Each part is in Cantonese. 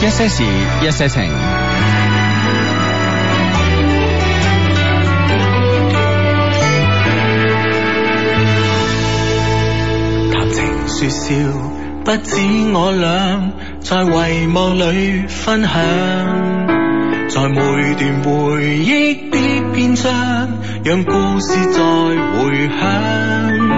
一些事，一些情。談情説笑，不止我倆，在遺忘裏分享，在每段回憶的篇章，讓故事再回響。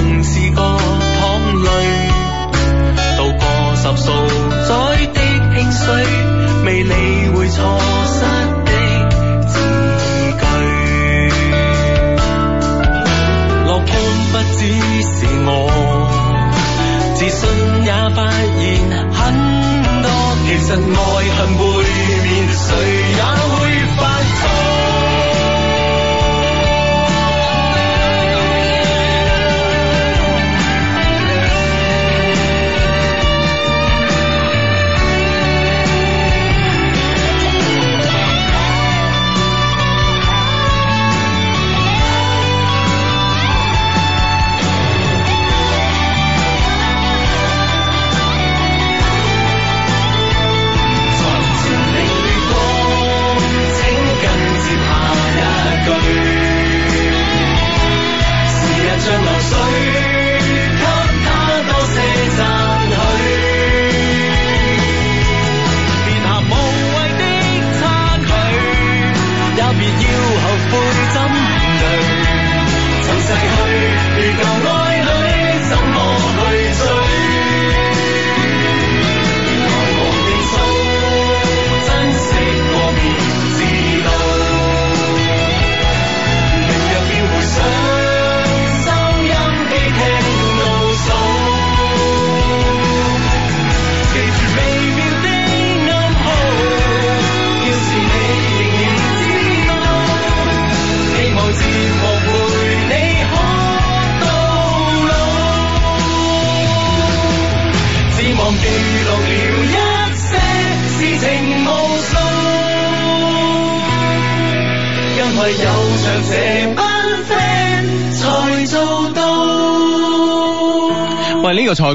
曾試過淌淚，渡過十數載的興衰，未理會錯失的字句。樂觀不只是我，自信也發現很多。其實愛恨背面，水。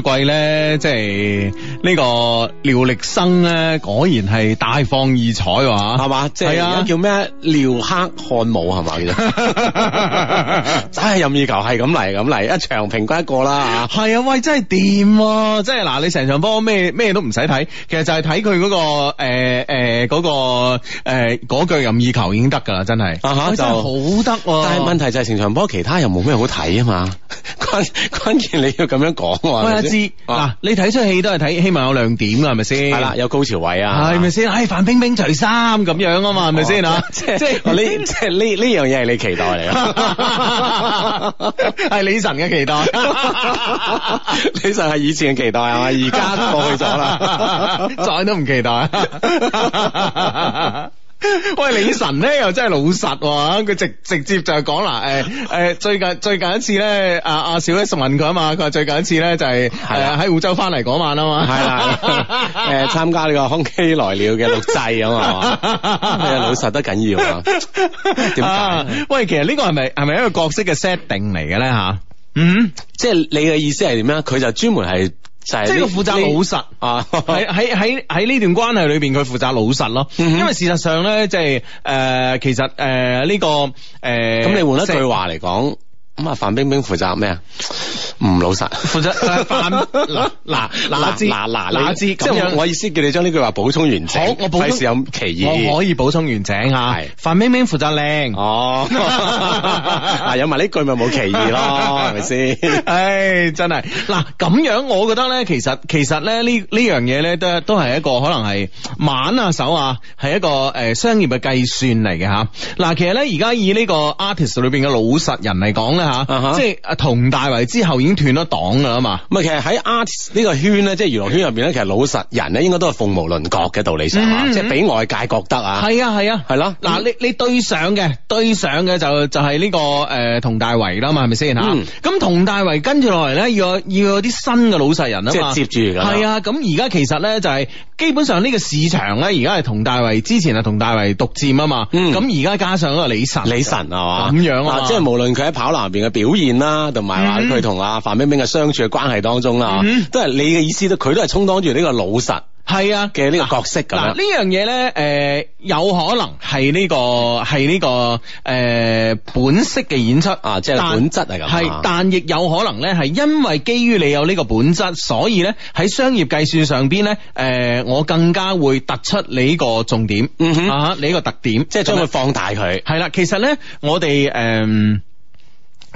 季咧，即係呢個廖力生咧，果然係大放異彩哇！係嘛，即係而家叫咩？廖克漢姆係嘛？其實真係任意球係咁嚟，咁嚟一場平均一個啦。係 啊，喂，真係掂啊！即係嗱，你成場波咩咩都唔使睇，其實就係睇佢嗰個誒誒嗰個誒嗰腳任意球已經得噶啦，真係 啊真係好得。但係問題就係、是、成場波其他又冇咩好睇啊嘛。關關鍵你要咁樣講，我知。嗱，啊、你睇出戲都係睇希望有亮點噶，係咪先？係啦，有高潮位啊，係咪先？唉、哎，范冰冰除衫咁樣啊嘛，係咪先？即即係呢即係呢呢樣嘢係你期待嚟，係李晨嘅期待。李晨係以前嘅期待係咪？而家過去咗啦，再都唔期待。喂，李晨咧又真係老實，佢、啊、直直接就係講啦，誒、啊、誒，最近最近一次咧，阿、啊、阿小 S 問佢啊嘛，佢話最近一次咧就係喺湖州翻嚟嗰晚啊嘛，係啦，誒參加呢個康熙來了嘅錄製啊嘛，係啊，老實得緊要啊，點解？喂，其實呢個係咪係咪一個角色嘅 set 定嚟嘅咧吓？嗯，即係你嘅意思係點樣啊？佢就專門係。即係佢負責老實啊！喺喺喺喺呢段關係裏邊，佢負責老實咯。 因為事實上咧、就是，即係誒，其實誒呢、呃這個誒，咁、呃、你換一句話嚟講。咁啊，范冰冰負責咩啊？唔老實，負責范嗱嗱嗱嗱嗱嗱，即係我意思叫你將呢句話補充完整。我我費事有歧義，可以補充完整吓。范冰冰負責靚哦，嗱有埋呢句咪冇歧義咯，係咪先？唉，真係嗱咁樣，我覺得咧，其實其實咧呢呢樣嘢咧都都係一個可能係晚下手啊，係一個誒商業嘅計算嚟嘅吓。嗱，其實咧而家以呢個 artist 裏邊嘅老實人嚟講咧。吓，uh huh. 即係阿佟大為之後已經斷咗檔啦嘛，咁啊其實喺 arts 呢個圈咧，即係娛樂圈入邊咧，其實老實人咧應該都係鳳毛麟角嘅道理上，嗯、即係俾外界覺得、嗯、啊，係啊係啊係咯，嗱、嗯、你你對上嘅對上嘅就就係呢個誒佟、呃、大為啦嘛，係咪先吓？咁佟、嗯、大為跟住落嚟咧，要要有啲新嘅老實人啊嘛，接住噶，係啊，咁而家其實咧就係基本上呢個市場咧，而家係佟大為之前啊佟大為獨佔啊嘛，咁而家加上阿李晨，李晨係嘛咁樣啊，即係無論佢喺跑男。嘅表現啦，同埋話佢同阿范冰冰嘅相處嘅關係當中啦，嗯、哼都係你嘅意思，都佢都係充當住呢個老實係啊嘅呢個角色。㗎喇、啊，呢樣嘢咧，誒、啊呃，有可能係呢、這個係呢、這個誒、呃、本色嘅演出啊，即係本質嚟噶。係，但亦有可能咧，係因為基於你有呢個本質，所以咧喺商業計算上邊咧，誒、呃，我更加會突出你呢個重點，嗯哼、啊、你呢個特點，即係是 即是 將佢放大佢。係啦對、嗯，其實咧，我哋誒。嗯嗯嗯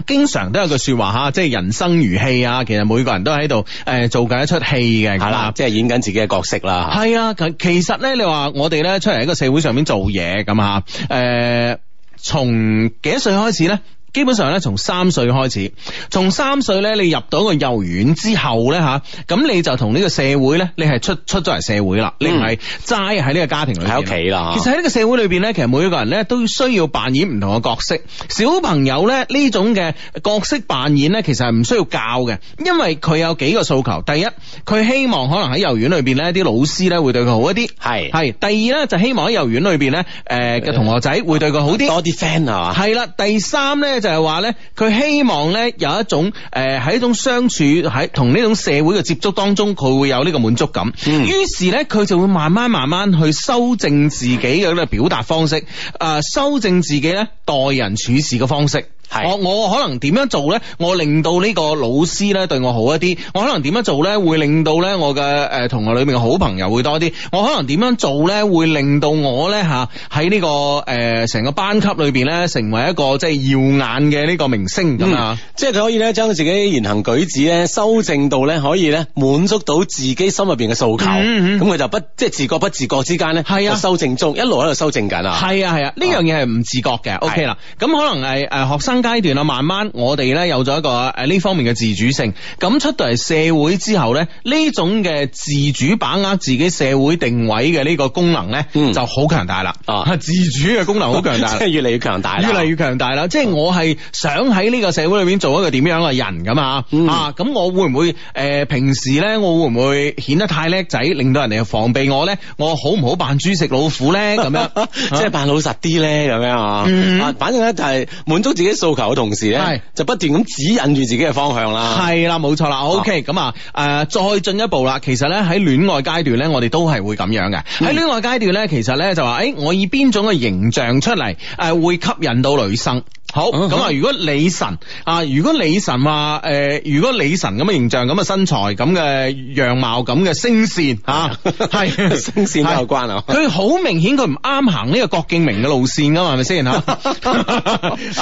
經常都有句說話吓，即係人生如戲啊！其實每個人都喺度誒做緊一出戲嘅，係啦、嗯，樣即係演緊自己嘅角色啦。係啊，其實咧，你話我哋咧出嚟喺個社會上面做嘢咁吓，誒，從、呃、幾多歲開始咧？基本上咧，從三歲開始，從三歲咧，你入到一個幼兒園之後咧，吓咁你就同呢個社會咧，你係出出咗嚟社會啦，嗯、你唔係齋喺呢個家庭裏邊喺屋企啦。其實喺呢個社會裏邊咧，其實每一個人咧都需要扮演唔同嘅角色。小朋友咧呢種嘅角色扮演咧，其實係唔需要教嘅，因為佢有幾個訴求。第一，佢希望可能喺幼兒園裏邊咧，啲老師咧會對佢好一啲，係係是。第二咧就希望喺幼兒園裏邊咧，誒、呃、嘅的同學仔會對佢好啲，多啲 friend 啊，係啦，第三咧。就係話咧，佢希望咧有一種誒，喺、呃、一種相處喺同呢種社會嘅接觸當中，佢會有呢個滿足感。嗯、於是咧，佢就會慢慢慢慢去修正自己嘅呢個表達方式，誒、呃，修正自己咧待人處事嘅方式。我我可能點樣做咧？我令到呢個老師咧對我好一啲。我可能點樣做咧會令到咧我嘅誒、呃、同學裏面嘅好朋友會多啲。我可能點樣做咧會令到我咧吓喺呢個誒成、呃、個班級裏邊咧成為一個即係耀眼嘅呢個明星咁啊！即係佢可以咧將自己言行舉止咧修正到咧可以咧滿足到自己心入邊嘅訴求。咁佢、嗯嗯、就不即係、就是、自覺不自覺之間咧，係啊，修正中一路喺度修正緊啊。係啊係啊，呢樣嘢係唔自覺嘅。O K 啦，咁、okay 了啊、可能係誒、呃、學生。階段啊，慢慢我哋咧有咗一個誒呢、啊、方面嘅自主性，咁出到嚟社會之後咧，呢種嘅自主把握自己社會定位嘅呢個功能咧，嗯、就好強大啦。啊，自主嘅功能好強大， 即係越嚟越強大，啊、越嚟越強大啦。即係我係想喺呢個社會裏面做一個點樣嘅人咁、嗯、啊？啊，咁我會唔會誒、呃、平時咧，我會唔會顯得太叻仔，令到人哋防備我咧？我好唔好扮豬食老虎咧？咁樣 即係扮老實啲咧？咁樣啊？嗯、反正咧就係滿足自己要求嘅同時咧，是就不斷咁指引住自己嘅方向啦。係啦，冇錯啦。O K，咁啊，誒、OK, 呃，再進一步啦。其實咧喺戀愛階段咧，我哋都係會咁樣嘅。喺戀愛階段咧，其實咧就話誒、欸，我以邊種嘅形象出嚟，誒、呃，會吸引到女生。好，咁啊，嗯、啊，如果李晨啊，如果李晨話誒，如果李晨咁嘅形象、咁嘅身材、咁嘅樣貌、咁嘅聲線啊，係聲、啊、的 線有關啊。佢好的 明顯佢唔啱行呢個郭敬明嘅路線噶嘛，係咪先吓？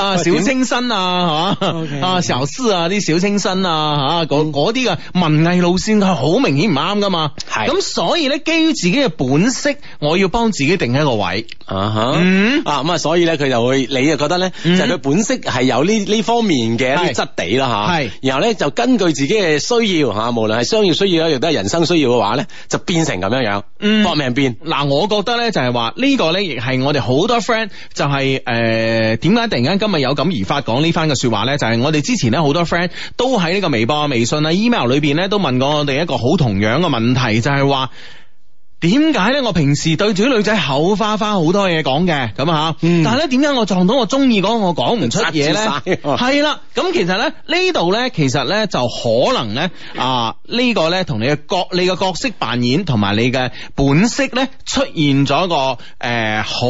啊， 小青。清啊，係 Okay. 啊，壽司啊，啲小清新啊，吓嗰啲嘅文藝路線係好明顯唔啱噶嘛。係咁是，所以咧，基於自己嘅本色，我要幫自己定一個位啊。吓、uh、啊，咁、huh 嗯、啊，所以咧，佢就會你就覺得咧，嗯、就係佢本色係有呢呢方面嘅一啲質地啦。吓、啊、係，是然後咧就根據自己嘅需要吓、啊，無論係商業需要啊，亦都係人生需要嘅話咧，就變成咁樣樣搏、嗯、命變。嗱、啊，我覺得咧就係話呢個咧、就是，亦係我哋好多 friend 就係誒，點、呃、解突然間今日有咁？而發講呢番嘅說話咧，就係、是、我哋之前咧好多 friend 都喺呢個微博、微信啊、email 裏邊咧都問過我哋一個好同樣嘅問題，就係話。點解咧？我平時對住啲女仔口花花好多嘢講嘅，咁啊吓，但係咧點解我撞到我中意嗰個我講唔出嘢咧？係啦，咁其實咧呢度咧，其實咧就可能咧啊呢、呃這個咧同你嘅角、你嘅角色扮演同埋你嘅本色咧出現咗一個誒好、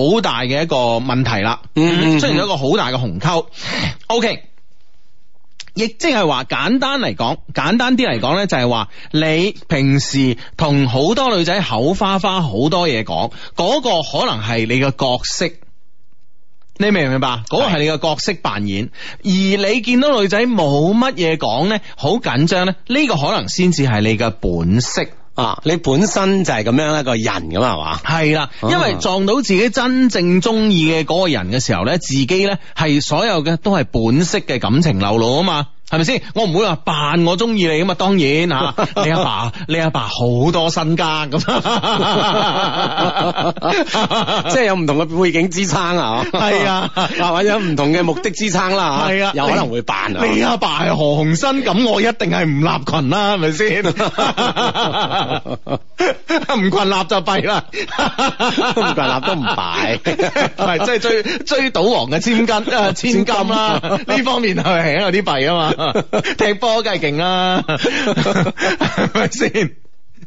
呃、大嘅一個問題啦，嗯嗯嗯出現咗一個好大嘅鴻溝。OK。亦即係話，簡單嚟講，簡單啲嚟講咧，就係話你平時同好多女仔口花花好多嘢講，嗰個可能係你嘅角色，你明唔明白？嗰個係你嘅角色扮演，是而你見到女仔冇乜嘢講咧，好緊張咧，呢個可能先至係你嘅本色。啊！你本身就係咁樣一個人咁啊，係嘛？係啦，因為撞到自己真正中意嘅嗰個人嘅時候咧，自己咧，係所有嘅都係本色嘅感情流露啊嘛。係咪先？我唔會話扮我中意你噶嘛？當然吓， 你阿爸，爸，你阿爸好多身家咁， 即係有唔同嘅背景支撐 啊！係啊，或者唔同嘅目的支撐啦吓，係啊，有可能會扮。啊你。你阿爸係何鴻燊咁，我一定係唔立群啦，係咪先？唔 群立就弊啦，唔 群立都唔敗，係即係追追賭王嘅千金 千金啦，呢方面係係有啲弊啊嘛。踢 波梗係勁啦，係咪先？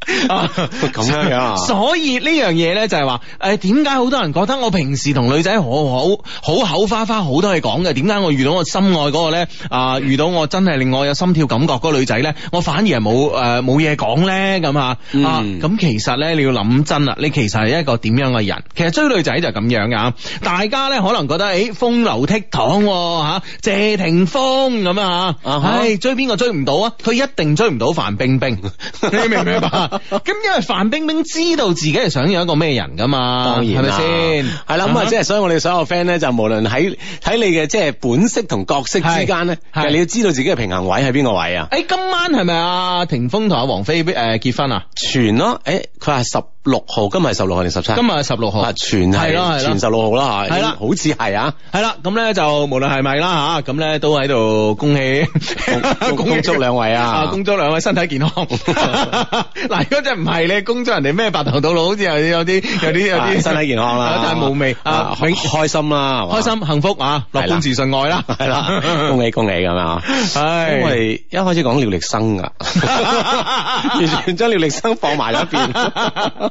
啊咁樣，所以呢樣嘢咧就係話，誒點解好多人覺得我平時同女仔我好好口花花好多嘢講嘅，點解我遇到我心愛嗰個咧啊遇到我真係令我有心跳感覺嗰個女仔咧，我反而係冇誒冇嘢講咧咁啊？咁、啊、其實咧你要諗真啦，你其實係一個點樣嘅人？其實追女仔就係咁樣噶、啊，大家咧可能覺得誒、欸、風流倜儻吓謝霆鋒咁啊吓，唉、啊哎、追邊個追唔到啊？佢一定追唔到范冰冰，你明唔明白？ 咁 因為范冰冰知道自己係想要一個咩人噶嘛，當然係咪先？係啦吧，咁啊、uh，即、huh. 係所以我哋所有 friend 咧，就無論喺喺你嘅即係本色同角色之間咧，係 你要知道自己嘅平衡位喺邊個位啊？誒，今晚係咪啊？霆鋒同阿王菲誒結婚啊？全咯，誒、欸，佢係十。六號，今日係十六號定十七？今日係十六號，全係咯，全十六號啦吓。係啦，好似係啊。係啦，咁咧就無論係咪啦吓，咁咧都喺度恭喜、恭祝兩位啊，恭祝兩位身體健康。嗱，如果真唔係你恭祝人哋咩白頭到老，好似又有啲有啲有啲身體健康啦，但係冇味啊，開心啦，係開心、幸福啊，樂觀、自信、愛啦，係啦，恭喜恭喜咁啊。係，我係一開始講廖力生噶，完全將廖力生放埋一邊。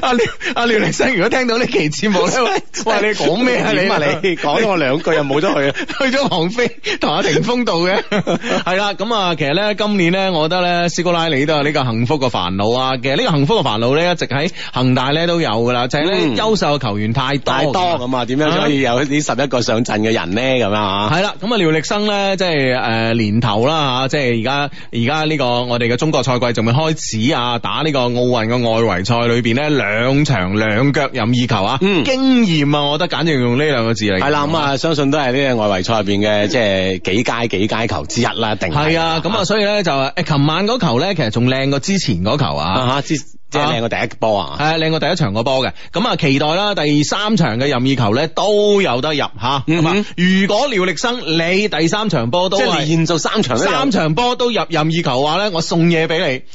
阿廖阿廖力生，如果聽到呢期節目咧，喂你講咩啊？你講咗我兩句 又冇咗佢，去咗王菲同阿霆鋒度嘅，係 啦。咁啊，其實咧今年咧，我覺得咧，斯哥拉里都係呢個幸福嘅煩惱啊。其實呢個幸福嘅煩惱咧，一直喺恒大咧都有㗎啦。請、就係、呢，嗯、優秀嘅球員太多咁啊，點樣可以有啲十一個上陣嘅人呢？咁樣 啊？係啦，咁啊廖力生咧，即係誒、呃、年頭啦嚇，即係而家而家呢個、這個、我哋嘅中國賽季仲未開始啊，打呢個奧運嘅外圍賽裏邊。咧兩場兩腳任意球啊，嗯，經驗啊，我覺得簡直用呢兩個字嚟講係啦，咁啊、嗯嗯、相信都係呢個外圍賽入邊嘅即係幾階幾階球之一啦，一定係 啊，咁、嗯、啊所以咧就誒，琴晚嗰球咧其實仲靚過之前嗰球啊，啊之。即係靚過第一波啊！係靚過第一場個波嘅，咁啊期待啦！第三場嘅任意球咧都有得入吓、啊嗯。如果廖力生你第三場波都即係連續三場三場波都入任意球話咧，我送嘢俾你，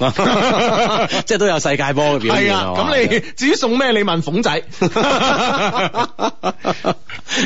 即係都有世界波嘅表現。係啊，咁話你至於送咩？你問鳳仔。誒、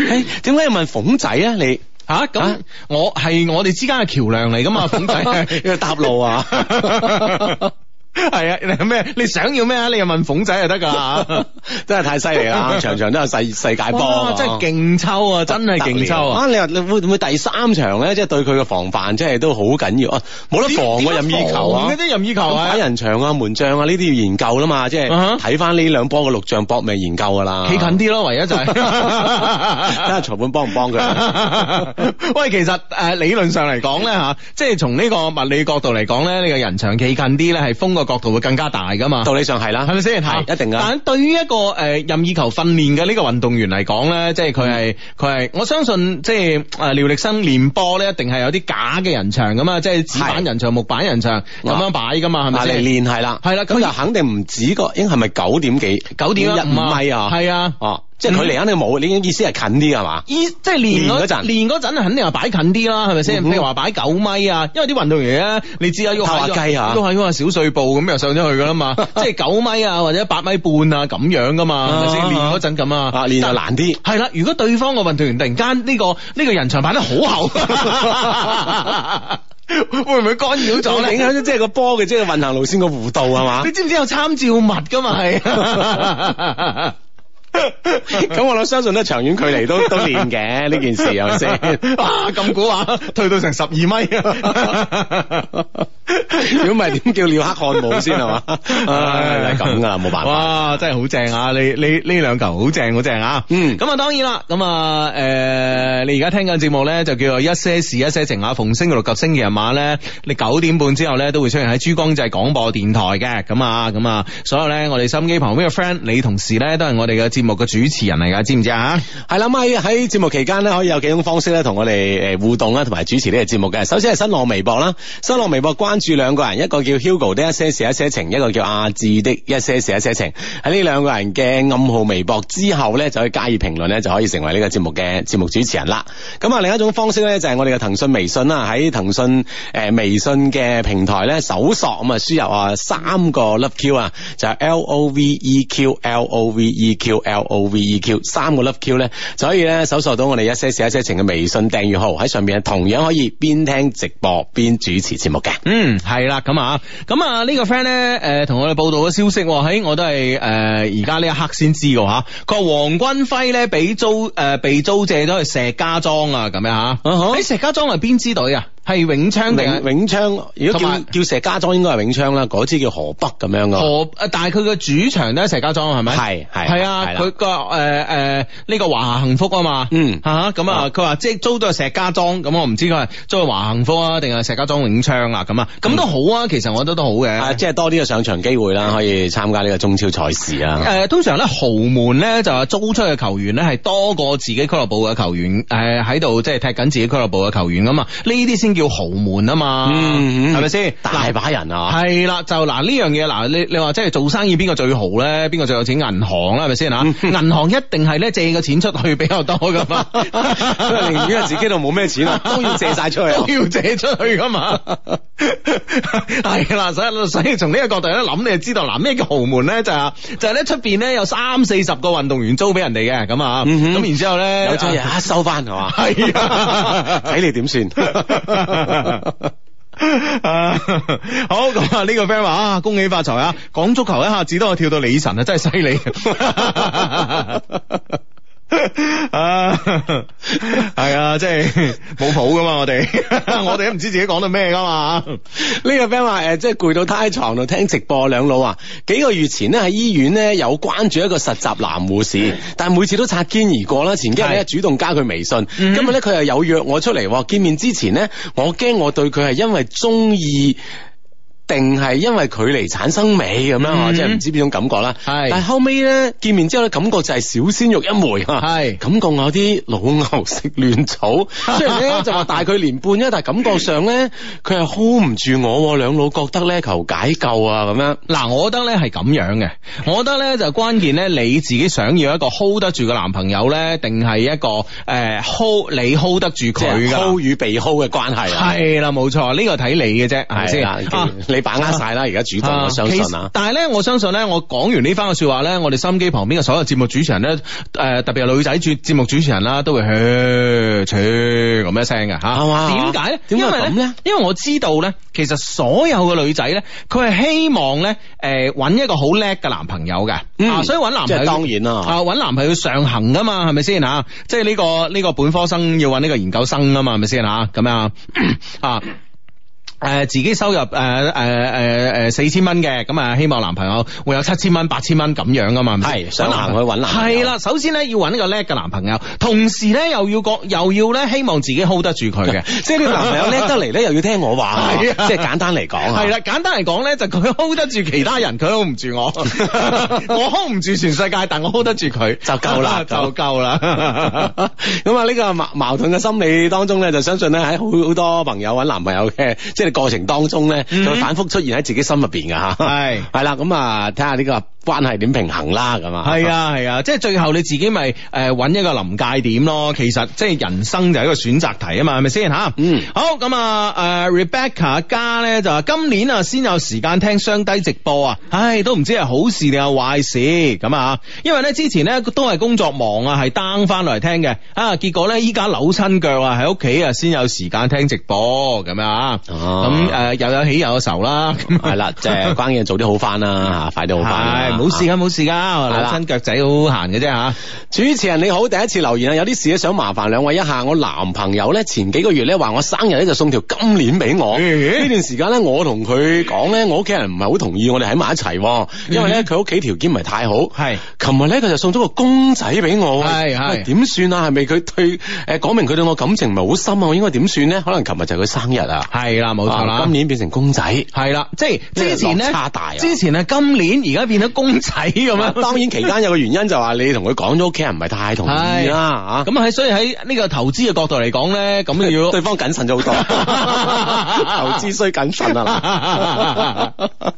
哎，點解要問鳳仔呢啊？你吓咁我係我哋之間嘅橋樑嚟噶嘛？鳳仔 搭路啊！ 係啊，你咩？你想要咩啊？你又問鳳仔就得噶吓，真係太犀利啦！場場都係世世界波，真係勁抽啊，真係勁抽啊！你話你會唔會第三場咧？即係對佢嘅防範，即係都好緊要啊！冇得防嘅、啊、任意球啊！啲任意球啊，打人牆啊、門將啊呢啲要研究啦嘛！即係睇翻呢兩波嘅錄像搏命研究噶啦，企近啲咯，huh. 唯一就係睇下裁判幫唔幫佢。喂，其實誒、呃，理論上嚟講咧吓，即係從呢個物理角度嚟講咧，呢、啊、個人牆企近啲咧係封個角度會更加大噶嘛？道理上係啦，係咪先？係一定噶。但對於一個誒任意球訓練嘅呢個運動員嚟講咧，即係佢係佢係，我相信即係誒廖力生練波咧，一定係有啲假嘅人牆噶嘛，即係紙板人牆、木板人牆咁樣擺噶嘛，係咪先？嚟練係啦，係啦，咁又肯定唔止個應係咪九點幾？九點一五唔係啊？係啊，哦。即係佢離肯定冇，你嘅意思係近啲係嘛？依即係練嗰陣，練嗰陣肯定係擺近啲啦，係咪先？譬如話擺九米啊，因為啲運動員咧，你知啊，用滑稽啊，用滑稽啊小碎步咁又上咗去噶啦嘛，即係九米啊，或者八米半啊咁樣噶嘛，係咪先？練嗰陣咁啊，練就難啲。係啦，如果對方個運動員突然間呢個呢個人牆擺得好厚，會唔會干擾咗，影響即係個波嘅即係運行路線個弧度係嘛？你知唔知有參照物噶嘛？係。咁 我諗，相信都長遠距離都都練嘅呢件事又先， 啊咁估啊，退到成十二米。 如果唔係點叫遼黑漢姆先係嘛？係係咁噶啦，冇、啊、 辦法。哇，真係好正啊！你你呢兩球好正，好正啊！嗯，咁啊，當然啦，咁啊，誒、呃，你而家聽緊節目咧，就叫做一些事一些情啊。逢星期六及星期日晚咧，你九點半之後咧，都會出現喺珠江經濟廣播電台嘅。咁啊咁啊，所有咧，我哋收音機旁邊嘅 friend，你同事咧，都係我哋嘅節目嘅主持人嚟噶，知唔知啊？係啦，喺喺節目期間咧，可以有幾種方式咧，同我哋誒互動啦，同埋主持呢個節目嘅。首先係新浪微博啦，新浪微博關。住兩個人，一個叫 Hugo 的一些事一些情，一個叫阿志的一些事一些情。喺呢兩個人嘅暗號微博之後呢，就可以加以評論呢，就可以成為呢個節目嘅節目主持人啦。咁、嗯、啊，另一種方式呢，就係我哋嘅騰訊微信啦。喺騰訊誒微信嘅平台呢，搜索咁啊，輸、呃、入啊三個 love q 啊，就係 l o v e q l o v e q l o v e q 三個 love q 呢，就可以呢搜索到我哋一些事一些情嘅微信訂閱號，喺上面同樣可以邊聽直播邊主持節目嘅。嗯，係啦，咁啊，咁啊，啊、這個、呢個 friend 咧，誒、呃，同我哋報道嘅消息，喺、呃、我都係誒而家呢一刻先知嘅吓，佢話黃軍輝咧俾租誒、呃、被租借咗去石家莊啊，咁樣吓，喺、嗯、石家莊係邊支隊啊？係永昌定永昌，如果叫叫石家莊應該係永昌啦，嗰支叫河北咁樣噶。河誒，但係佢嘅主場咧，石家莊係咪？係係係啊，佢個誒誒呢個華夏幸福啊嘛，嗯吓咁啊，佢話即係租都係石家莊，咁我唔知佢係租去華夏幸福啊，定係石家莊永昌啊，咁啊，咁都好啊，其實我覺得都好嘅，即係多啲嘅上場機會啦，可以參加呢個中超賽事啊。誒，通常咧豪門咧就租出去嘅球員咧係多過自己俱樂部嘅球員誒喺度即係踢緊自己俱樂部嘅球員噶嘛，呢啲先。叫豪門啊嘛，係咪先？大把人啊，係啦，就嗱呢樣嘢嗱，你你話即係做生意邊個最豪咧？邊個最有錢？銀行啦，係咪先啊？銀行一定係咧借個錢出去比較多噶嘛，寧願自己度冇咩錢啊，都要借晒出去，都要借出去噶嘛，係啦，所以所以從呢個角度咧諗，你就知道嗱咩叫豪門咧，就係就係咧出邊咧有三四十個運動員租俾人哋嘅咁啊，咁然之後咧有一收翻係嘛，係啊，睇你點算？好咁 啊！呢、這個 friend 話啊，恭喜發財啊！講足球一下子都我跳到李晨啊，真係犀利。 啊、 uh, 係啊， 即係冇譜噶嘛，我哋我哋都唔知自己講到咩噶嘛。呢個 friend 話誒，即係攰到太床度聽直播，兩老啊，幾個月前呢，喺醫院呢，有關注一個實習男護士，但係每次都擦肩而過啦。前幾日咧主動加佢微信，是今日咧佢又有約我出嚟，見面之前呢，我驚我對佢係因為中意。定係因為距離產生美咁啦，即係唔知邊種感覺啦。係是，但係後尾咧見面之後咧，感覺就係小鮮肉一枚，係是感覺有啲老牛食嫩草。 雖然咧就話大佢年半，但係感覺上咧佢係 hold 唔住我，兩老覺得咧求解救啊咁樣。嗱、嗯，我覺得咧係咁樣嘅，我覺得咧就關鍵咧你自己想要一個 hold 得住嘅男朋友咧，定係一個誒 hold、e, 你 hold 得住佢嘅 hold 與、e、被 hold 嘅、e、關係。係啦，冇錯，呢、這個睇你嘅啫，係咪先？你。把握晒啦，而家主動、啊、我相信啊。但係咧，我相信咧，啊、我講完呢番嘅說話咧，我哋心機旁邊嘅所有節目主持人咧，誒、呃，特別係女仔主節目主持人啦，都會噓噓咁一聲嘅吓。點解咧？因、啊、為咁咧，為因為我知道咧，其實所有嘅女仔咧，佢係希望咧，誒，揾一個好叻嘅男朋友嘅。嗯。所以揾男朋友，嗯、當然啦。啊，揾男朋友要上行噶嘛，係咪先吓？即係呢、這個呢、這個本科生要揾呢個研究生啊嘛，係咪先吓？咁樣啊。誒，自己收入誒誒誒誒四千蚊嘅，咁啊希望男朋友會有七千蚊、八千蚊咁樣噶嘛？係想行去搵男？係啦，首先咧要搵一個叻嘅男朋友，同時咧又要個又要咧希望自己 hold 得住佢嘅，即係個男朋友叻得嚟咧又要聽我話，即係簡單嚟講啊。係啦，簡單嚟講咧就佢 hold 得住其他人，佢 hold 唔住我，我 hold 唔住全世界，但我 hold 得住佢就夠啦，就夠啦。咁啊呢個矛矛盾嘅心理當中咧，就相信咧喺好好多朋友搵男朋友嘅，即係。過程當中咧，佢、mm hmm。反覆出現喺自己心入邊噶吓，係係啦，咁、嗯、啊，睇下呢個關係點平衡啦，咁啊， 係啊係啊，即係最後你自己咪誒揾一個臨界點咯，其實即係人生就係一個選擇題啊嘛，係咪先吓？嗯，好咁啊，誒、呃、，Rebecca 家咧就話今年啊先有時間聽雙低直播啊，唉，都唔知係好事定係壞事咁啊，因為咧之前咧都係工作忙啊，係 down 翻落嚟聽嘅啊，結果咧依家扭親腳啊，喺屋企啊先有時間聽直播咁樣啊。嗯咁誒又有喜又有愁啦，係啦，就係關鍵早啲好翻啦，快啲好翻。冇事噶，冇事噶，親腳仔好閒嘅啫嚇。主持人你好，第一次留言啊，有啲事咧想麻煩兩位一下。我男朋友咧前幾個月咧話我生日咧就送條金鏈俾我。呢段時間咧我同佢講咧，我屋企人唔係好同意我哋喺埋一齊，因為咧佢屋企條件唔係太好。係，琴日咧佢就送咗個公仔俾我。係係，點算啊？係咪佢對誒講明佢對我感情唔係好深啊？我應該點算咧？可能琴日就係佢生日啊？係啦，冇。啊、今年變成公仔，係啦吧、嗯，即係之前咧，差大啊之前係今年，而家變咗公仔咁樣。當然期間有個原因就話，你同佢講咗屋企人唔係太同意啦嚇。咁喺的、啊、所以喺呢個投資嘅角度嚟講咧，咁的要對方謹慎咗好多。 投資需謹慎啊！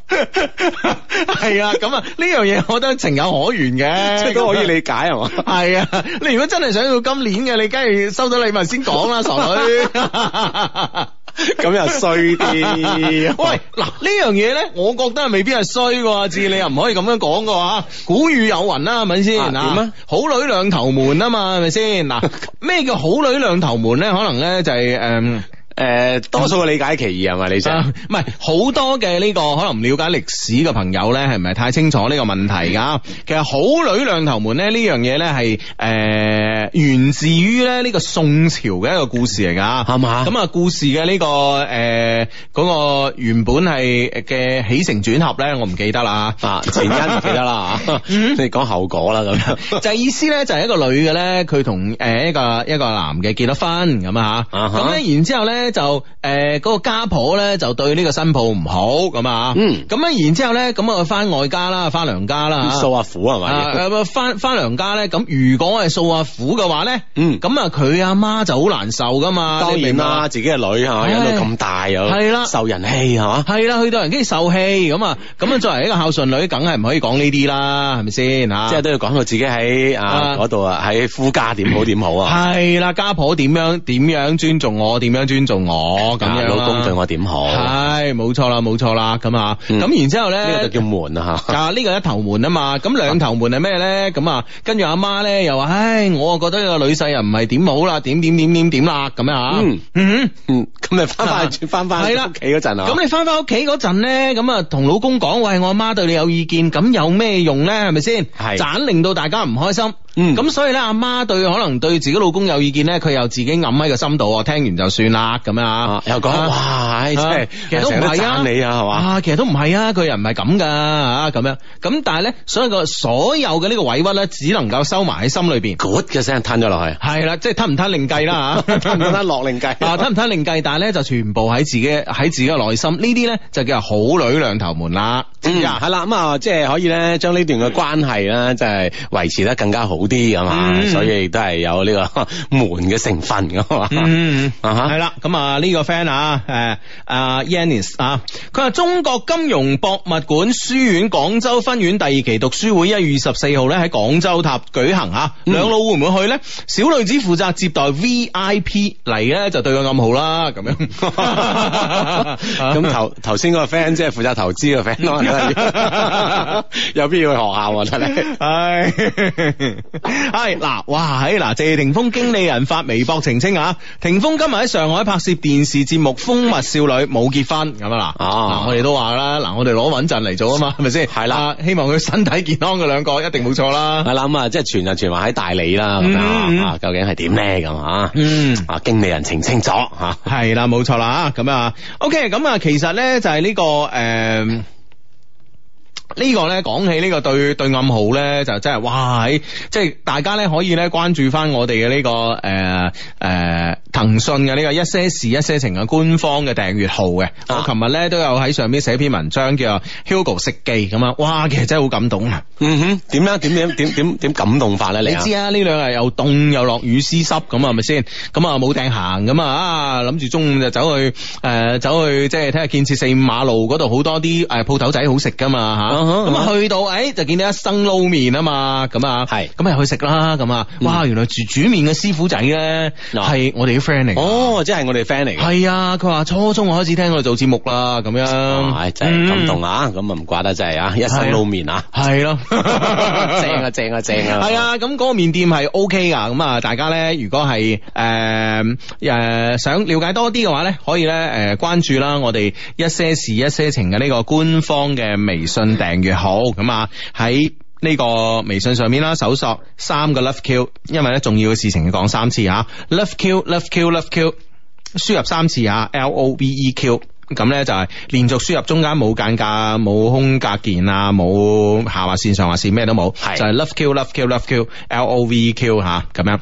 係 啊， 咁啊，呢樣嘢我覺得情有可原嘅，即係都可以理解係嘛？係啊，你如果真係想要今年嘅，你梗係收到禮物先講啦，傻女。 咁又衰啲，喂嗱，呢樣嘢咧，我覺得係未必係衰嘅，至你又唔可以咁樣講嘅話，古語有云啦，係咪先嗱？啊，點啊？好女兩頭門啊嘛，係咪先？嗱，咩叫好女兩頭門咧？可能咧就係、是、誒。呃誒、呃，多數嘅理解其二係咪你想唔係好多嘅呢個可能唔了解歷史嘅朋友咧，係唔係太清楚呢個問題噶？其實好女兩頭門咧呢樣嘢咧係誒源自於咧呢個宋朝嘅一個故事嚟噶，係嘛？咁啊故事嘅呢、這個誒個、呃、原本係嘅起承轉合咧，我唔記得啦啊，前因唔記得啦，即係講、 嗯、後果啦咁樣，就係意思咧就係一個女嘅咧，佢同誒一個一個男嘅結咗婚咁啊吓哈，咁咧然之後咧。咧就誒，嗰個家婆咧就對呢個新抱唔好咁啊，嗯，咁啊，然之後咧咁啊，翻外家啦，翻娘家啦，訴阿苦係咪？誒，翻翻娘家咧，咁如果係訴阿苦嘅話咧，嗯，咁啊，佢阿媽就好難受噶嘛，當然啦，自己嘅女係嘛，養到咁大啊。係啦，受人氣係嘛，係啦，去到人家受氣咁啊，咁啊，作為一個孝順女，梗係唔可以講呢啲啦，係咪先啊？即係都要講到自己喺啊嗰度啊，喺夫家點好點好啊？係啦，家婆點樣點樣尊重我，點樣尊重？我咁樣，老公對我點好？係，冇錯啦，冇錯啦，咁啊，咁然之後咧，呢個就叫門啊吓，嗱呢個係一頭門啊嘛，咁兩頭門係咩咧？咁啊，跟住阿媽咧又話，唉，我啊覺得個女婿又唔係點好啦，點點點點點啦，咁樣啊，嗯嗯，咁咪翻翻轉翻翻屋企嗰陣啊，咁你翻翻屋企嗰陣咧，咁啊同老公講，喂，我阿媽對你有意見，咁有咩用咧？係咪先？係，盞令到大家唔開心。嗯，咁所以咧，阿媽對可能對自己老公有意見咧，佢又自己暗喺個心度，聽完就算啦，咁樣又講哇，其實都唔係啊，係嘛啊，其實都唔係啊，佢又唔係咁噶咁樣。咁但係咧，所以個所有嘅呢個委屈咧，只能夠收埋喺心裏邊，嗰一聲嘆咗落去。係啦，即係嘆唔嘆另計啦吓，嘆唔嘆落另計啊，嘆唔嘆另計。但係咧，就全部喺自己喺自己嘅內心，呢啲咧就叫好女兩頭門啦。嗯，係啦，咁啊，即係可以咧，將呢段嘅關係咧，即係維持得更加好。好啲係嘛，所以亦都係有呢個門嘅成分噶嘛。嗯啊，係、這、啦、個，咁啊呢個 friend 啊，誒啊 Yannis 啊，佢話、啊、中國金融博物館書院廣州分院第二期讀書會一月十四號咧喺廣州塔舉行啊，兩老會唔會去咧？小女子負責接待 VIP 嚟咧，就對佢咁好啦，咁樣。咁頭頭先嗰個 friend 即係負責投資嘅 friend 有必要去學校啊？真 係、啊，唉。 係 嗱，哇！喺嗱，謝霆鋒經理人發微博澄清啊，霆鋒今日喺上海拍攝電視節目《蜂蜜少女》，冇結婚咁樣啦，啊，我哋都話啦，嗱，我哋攞穩陣嚟做是是的啊嘛，係咪先？係啦，希望佢身體健康嘅兩個一定冇錯啦。係啦咁啊，即係全日傳話喺大理啦，咁啊，嗯、究竟係點咧咁啊？嗯，啊，經理人澄清咗吓，係啦，冇錯啦吓，咁啊，OK，咁啊，其實咧就係呢、這個誒。呃呢個咧講起呢個對對暗號咧，就真係哇即係大家咧可以咧關注翻我哋嘅呢個誒誒騰訊嘅呢個一些事一些情嘅官方嘅訂閱號嘅。我琴日咧都有喺上邊寫篇文章叫 Hugo 食記咁啊，哇，其實真係好感動啊。嗯哼，點樣？點點點點點感動法咧？你知啊？呢兩日又凍又落雨濕濕咁啊？係咪先？咁啊冇埞行咁啊？諗住中午就走去誒走去即係睇下建設四五馬路嗰度好多啲誒鋪頭仔好食噶嘛吓。咁啊，嗯、去到哎，就見到一生撈麵啊嘛，咁啊，係是，咁啊去食啦，咁啊，哇，原來煮煮麵嘅師傅仔咧，係、嗯、我哋啲 friend 哦，即係我哋 friend 嚟，係啊，佢話初中我開始聽我哋做節目啦，咁、啊、樣，真係感動啊，咁、嗯、啊唔怪得真係啊，一生撈麵啊，係咯、啊啊 啊，正啊正啊正啊，係啊，咁嗰、 啊那個麵店係 OK 噶，咁啊，大家咧如果係誒誒想了解多啲嘅話咧，可以咧誒關注啦我哋一些事一些情嘅呢個官方嘅微信。 平越好咁啊！喺呢個微信上面啦，搜索三個 love q，因為咧重要嘅事情要講三次吓，love q love q love q，輸入三次吓，l o v e q，咁咧就係連續輸入中間，中間冇間隔、冇空格鍵啊，冇下劃線上劃線咩都冇，是就係 love q love q love q，l o v e q 吓咁樣。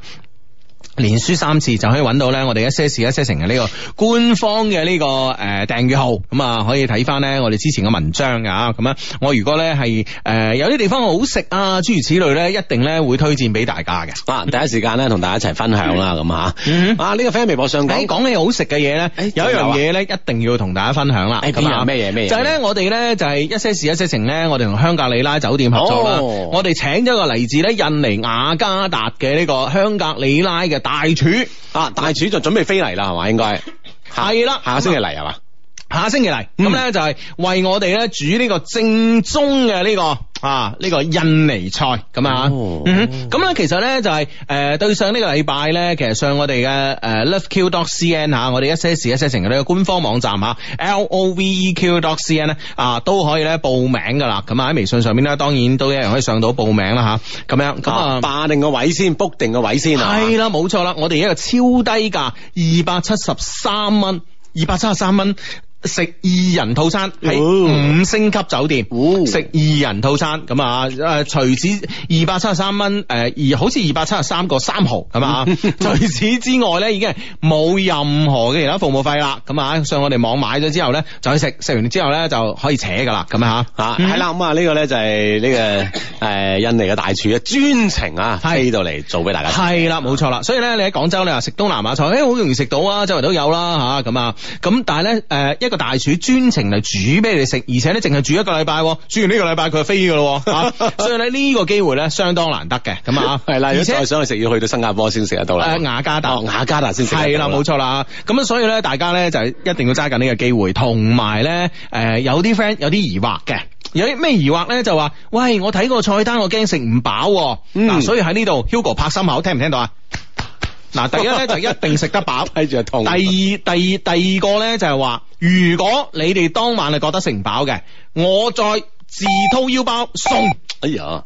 連輸三次就可以揾到咧，我哋一些事一些情嘅呢個官方嘅呢個誒訂閱號，咁啊可以睇翻呢我哋之前嘅文章啊，咁樣我如果咧係誒有啲地方好食啊諸如此類咧，一定咧會推薦俾大家嘅。啊，第一時間咧同大家一齊分享啦，咁吓 啊呢、這個 friend 微博上講，講起好食嘅嘢咧，欸就是、有，有一樣嘢咧一定要同大家分享啦。咁啊咩嘢咩嘢？樣麼就係咧我哋咧就係一些事一些情咧，我哋同香格里拉酒店合作啦，哦、我哋請咗個嚟自咧印尼雅加達嘅呢個香格里拉嘅大大廚啊，大廚就準備飛嚟啦，係嘛？ 應該係啦，下個星期嚟係嘛？ 下星期嚟，咁咧就係為我哋咧煮呢個正宗嘅呢個啊呢個印尼菜咁啊，咁咧、哦哦哦嗯、其實咧就係誒對上呢個禮拜咧，其實上我哋嘅誒 loveq.com 吓，我哋一些事一些情嘅呢個官方網站吓，l o v e q.com 咧啊都可以咧報名噶啦，咁啊喺微信上面咧，當然都一樣可以上到報名啦吓，咁樣咁啊霸定個位先，book 定個位先係啦，冇、嗯、錯啦，我哋一個超低價二百七十三蚊，二百七十三蚊。食二人套餐係五星級酒店，食二人套餐咁啊，誒，除此二百七十三蚊，誒，而好似二百七十三個三毫咁啊， 除此之外咧，已經係冇任何嘅其他服務費啦。咁啊，上我哋網買咗之後咧，就去食，食完之後咧就可以扯噶啦。咁啊，吓，係啦，咁啊，呢個咧就係呢個誒印尼嘅大廚啊，專程啊飛到嚟做俾大家是。係啦，冇錯啦。所以咧，你喺廣州你話食東南亞菜，誒、欸，好容易食到啊，周圍都有啦，吓咁啊，咁、呃嗯、但係咧，誒、呃、一。呃嗯呃個大廚專程嚟煮俾你食，而且咧淨係煮一個禮拜，煮完呢個禮拜佢就飛噶咯、 啊，所以咧呢個機會咧相當難得嘅，咁 啊係。而且如果再想去食要去到新加坡先食得到啦。誒、呃，雅加達、哦，雅加達先食。係啦，冇錯啦。咁啊，所以咧大家咧就係、是、一定要揸緊呢個機會，同埋咧誒有啲 friend、呃、有啲疑惑嘅，有啲咩疑惑咧就話，喂，我睇個菜單我驚食唔飽，嗱、嗯，所以喺呢度 Hugo 拍心口，聽唔聽到啊？嗱，第一咧就係、一定食得飽，跟住 痛。第二、第二、第二個咧就係話，如果你哋當晚係覺得食唔飽嘅，我再自掏腰包送。哎呀！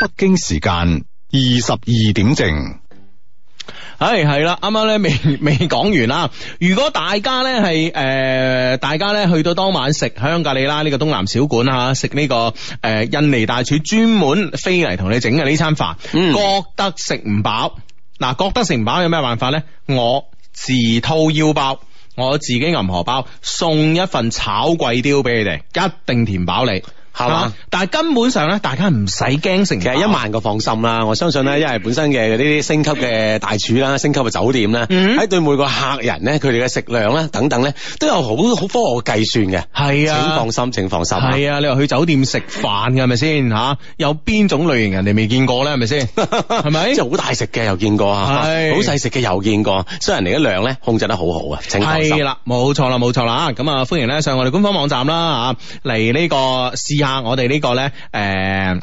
北京時間二十二點正。唉，係啦，啱啱咧未未講完啦。如果大家咧係誒，大家咧去到當晚食香格里拉呢、這個東南小館吓，食呢、這個誒、呃、印尼大廚專門飛嚟同你整嘅呢餐飯，覺得食唔飽嗱，覺得食唔飽有咩辦法呢？我自掏腰包，我自己銀荷包送一份炒貴刁俾你哋，一定填飽你。係嘛？但係根本上咧，大家唔使驚食。其實一萬個放心啦，我相信咧，因為本身嘅呢啲星級嘅大廚啦，星級嘅酒店咧，喺對每個客人咧，佢哋嘅食量咧，等等咧，都有好好科學嘅計算嘅。係啊，請放心，請放心。係啊，你話去酒店食飯嘅係咪先吓？有邊種類型人哋未見過咧？係咪先？係咪？即係好大食嘅又見過吓，好細食嘅又見過，雖然人哋嘅量咧控制得好好啊。係啦，冇錯啦，冇錯啦。咁啊，歡迎咧上我哋官方網站啦啊，嚟呢個試下。啊、我哋呢、這個咧，誒、呃、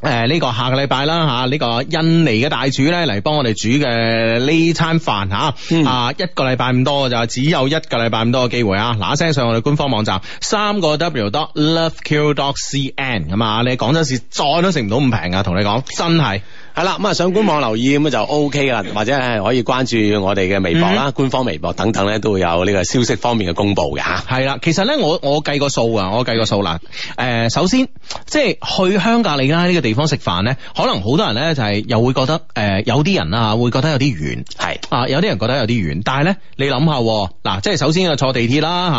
誒，呢、這個下個禮拜啦吓，呢、啊，這個印尼嘅大廚咧嚟幫我哋煮嘅呢餐飯吓啊、嗯、啊一個禮拜咁多就只有一個禮拜咁多嘅機會啊，嗱一聲上我哋官方網站，三個 w dot love q dot cn 啊你廣州市再都食唔到咁平噶，同你講真係。係啦，咁啊上官網留意咁就 O K 啦，或者係可以關注我哋嘅微博啦，嗯、官方微博等等咧都會有呢個消息方面嘅公布嘅吓。係啦，其實咧我我計個數啊，我計個數啦，誒、呃，首先即係去香格里拉呢個地方食飯咧，可能好多人咧就係、是、又會覺得誒、呃，有啲人啊會覺得有啲遠係啊，是有啲人覺得有啲遠，但係咧你諗下嗱，即係首先啊坐地鐵啦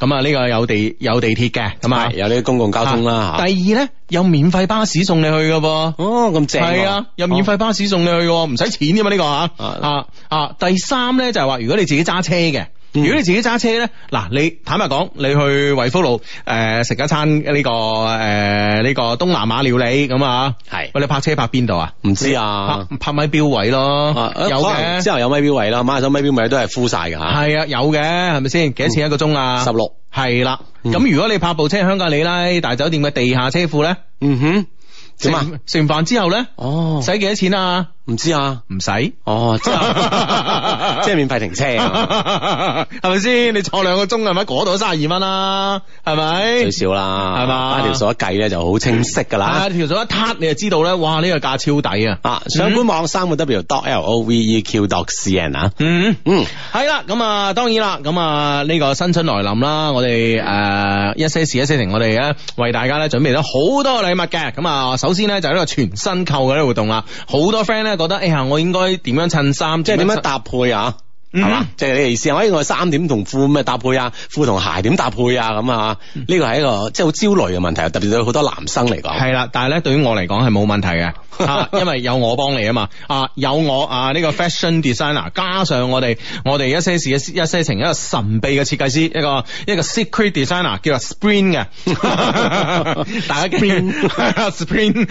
吓，咁啊呢個有地有地鐵嘅咁啊，有啲公共交通啦、啊、第二咧有免費巴士送你去噶噃。哦，咁正係啊。有免費巴士送你去嘅，唔使錢嘅嘛，呢個啊啊啊！第三咧就係話，如果你自己揸車嘅，嗯、如果你自己揸車咧，嗱、啊、你坦白講，你去惠福路誒食、呃、一餐呢、這個誒呢、呃這個東南亞料理咁、嗯、是啊，係喂你泊車泊邊度啊？唔知啊，拍咪米標位咯，有、啊、之後有咪標位啦，買下首咪標位都係敷晒嘅嚇。係、嗯、啊，有嘅係咪先幾多錢一個鐘啊？十六、嗯。係啦，咁、嗯嗯嗯、如果你泊部車香格里拉大酒店嘅地下車庫咧，嗯哼。食完食完飯之後咧，哦，使幾多錢啊？唔知啊，唔使哦，即係 免費停車，啊，係咪先？你坐兩個鐘，係咪嗰度都三十二蚊啦？係咪最少啦？係嘛吧？條數，啊、一計咧就好清晰噶啦，條數一撻你就知道咧，哇呢，這個價超抵啊！上官，啊、網 www.loveqdocs.com、mm? 嗯，e mm? 嗯，係啦，嗯，咁啊當然啦，咁啊呢個新春來臨啦，我哋誒、呃、一些事一些情，我哋咧為大家咧準備咗好多禮物嘅，咁啊首先咧就係呢個全新購嘅呢個活動啦，好多 friend 咧。覺得哎呀，我應該點樣襯衫，即係點樣，樣搭配啊？係嘛，即係、就係、你意思啊？可以我衫點同褲咩搭配啊？褲同鞋點搭配啊？咁啊，呢個係一個即係好焦慮嘅問題，啊，特別對好多男生嚟講。係啦，但係咧對於我嚟講係冇問題嘅，啊， 因為有我幫你啊嘛，啊，有我啊呢、呢個 fashion designer，加上我哋我哋一些事嘅一些情，一個神秘嘅設計師，一個一個 secret designer，叫做 Spring 嘅， 大家記 Spring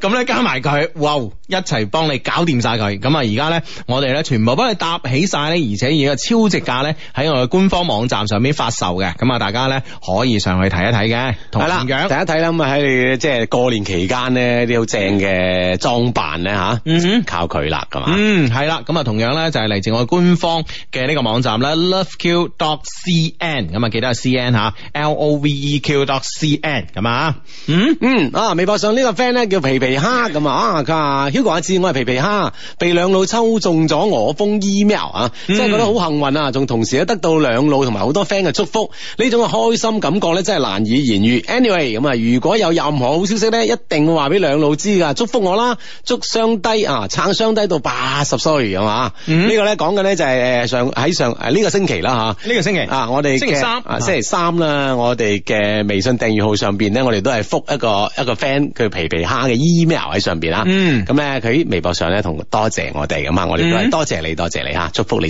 咁咧加埋佢，哇，一齊幫你搞掂晒佢。咁啊，而家咧我哋咧全部幫你搭起晒。而且以個超值價咧喺我哋官方網站上面發售嘅，咁啊大家咧可以上去睇一睇嘅。係啦，睇一睇啦咁啊喺你即係過年期間呢啲好正嘅裝扮咧吓，嗯，靠佢啦，咁嘛，嗯，係啦，咁啊同樣咧就係嚟自我官方嘅呢個網站啦，loveq.c.n，咁啊記得係 c.n 吓，l o v e q.c.n，咁啊，嗯嗯，啊微博上呢個 friend 咧叫皮皮蝦咁啊，佢話 Hugo 阿志，我係皮皮蝦，被兩老抽中咗我封 email 啊。即係、嗯、覺得好幸運啊！仲同時咧得到兩老同埋好多 friend 嘅祝福，呢種嘅開心感覺咧真係難以言喻。Anyway，咁啊，如果有任何好消息咧，一定會話俾兩老知噶，祝福我啦，祝雙低啊，撐雙低到八十歲啊嘛！呢、嗯、個咧講嘅咧就係誒上喺上誒呢、啊這個星期啦吓，呢個星期啊，我哋星期三啊，星期三啦，我哋嘅微信訂閱號上邊咧，我哋都係覆一個一個 friend 佢皮皮蝦嘅 email 喺上邊、嗯、啊。咁咧佢喺微博上咧同多謝我哋咁啊，我哋都係多謝你，多謝你吓，祝福你。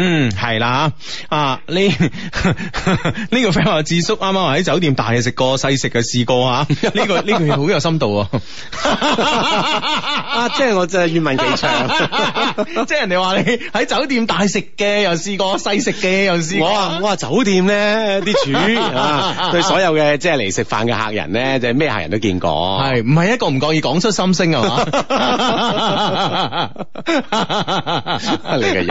嗯，係啦啊！呢呢 個 friend 話智叔啱啱喺酒店大食過，細食嘅試過吓，呢個呢句好有深度啊！啊，即係我即係願聞其詳， 即係人哋話你喺酒店大食嘅又試過，細食嘅又試過。我話我話酒店咧，啲廚 啊，對 所有嘅即係嚟食飯嘅客人咧，就係咩客人都見過。係唔係一個唔覺意講出心聲啊？嘛？ 你嘅人。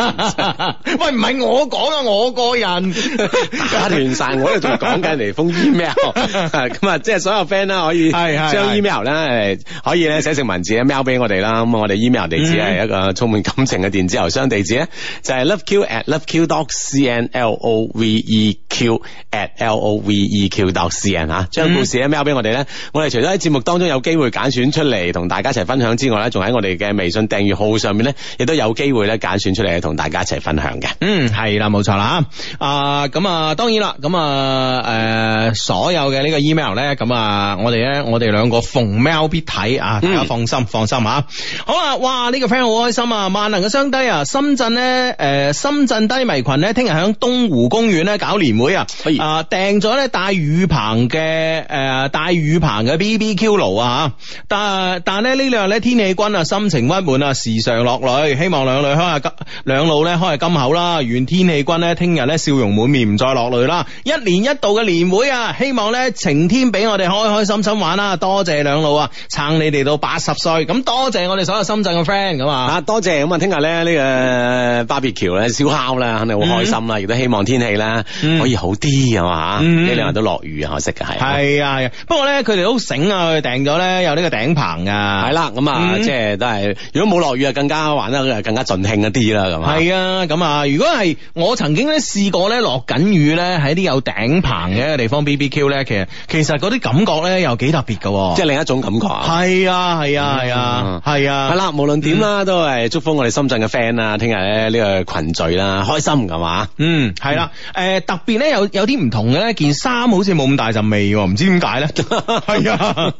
喂，唔係我講啊，我個人 打團散，我咧仲講緊嚟封 email 咁啊，即係所有 friend 啦，可以將 email 咧 可以咧寫成文字啊，mail 俾我哋啦。咁 我哋 email 地址係一個充滿感情嘅電子郵箱地址咧，嗯、就係 loveq at loveq dot c n l o v e q at l o v e q dot c n 嚇。 將故事啊 mail 俾我哋咧， 我哋除咗喺節目當中有機會揀選出嚟同大家一齊分享之外咧，仲喺我哋嘅微信訂閱號上面咧，亦都有機會咧揀選出嚟同大家一齊分享。嗯，係啦，冇錯啦啊咁啊，當然啦，咁啊，誒、啊，所有嘅呢個 email 咧，咁啊，我哋咧，我哋兩個逢 mail 必睇啊，大家放心，嗯、放心吓、啊、好啦、啊，哇，呢個 friend 好開心啊，萬能嘅雙低啊，深圳咧，誒、啊，深圳低迷群咧，聽日響東湖公園咧搞年會啊，可以的啊，訂咗咧帶雨棚嘅，誒、呃，帶雨棚嘅 BBQ 爐啊，吓、啊，但係但係咧呢兩日咧天氣君啊，心情鬱悶啊，時常落淚，希望兩女開下兩老咧開下金口。好啦，願天氣君咧，聽日咧笑容滿面唔再落淚啦！一年一度嘅年會啊，希望咧晴天俾我哋開開心心玩啦！多謝兩老啊，撐你哋到八十歲咁，多謝我哋所有深圳嘅 friend 咁啊！多謝咁啊，聽日咧呢個 barbecue 咧燒烤咧，肯定好開心啦！亦都希望天氣咧可以好啲啊嘛吓，呢兩日都落雨啊，可惜嘅係，係啊！不過咧佢哋都醒啊，佢訂咗咧有呢個頂棚噶，係啦，咁啊即係都係如果冇落雨啊，更加玩得更加盡興一啲啦咁啊，係啊咁啊！嗱，如果係我曾經咧試過咧落緊雨咧，喺啲有頂棚嘅一個地方 B B Q 咧，其實其實嗰啲感覺咧又幾特別噶，即係另一種感覺啊。係啊係啊係啊係啊，係啦，無論點啦，都係祝福我哋深圳嘅 friend 啦，聽日咧呢個群聚啦，開心噶嘛？嗯，係啦，誒特別咧有有啲唔同嘅咧，件衫好似冇咁大陣味，唔知點解咧？係啊，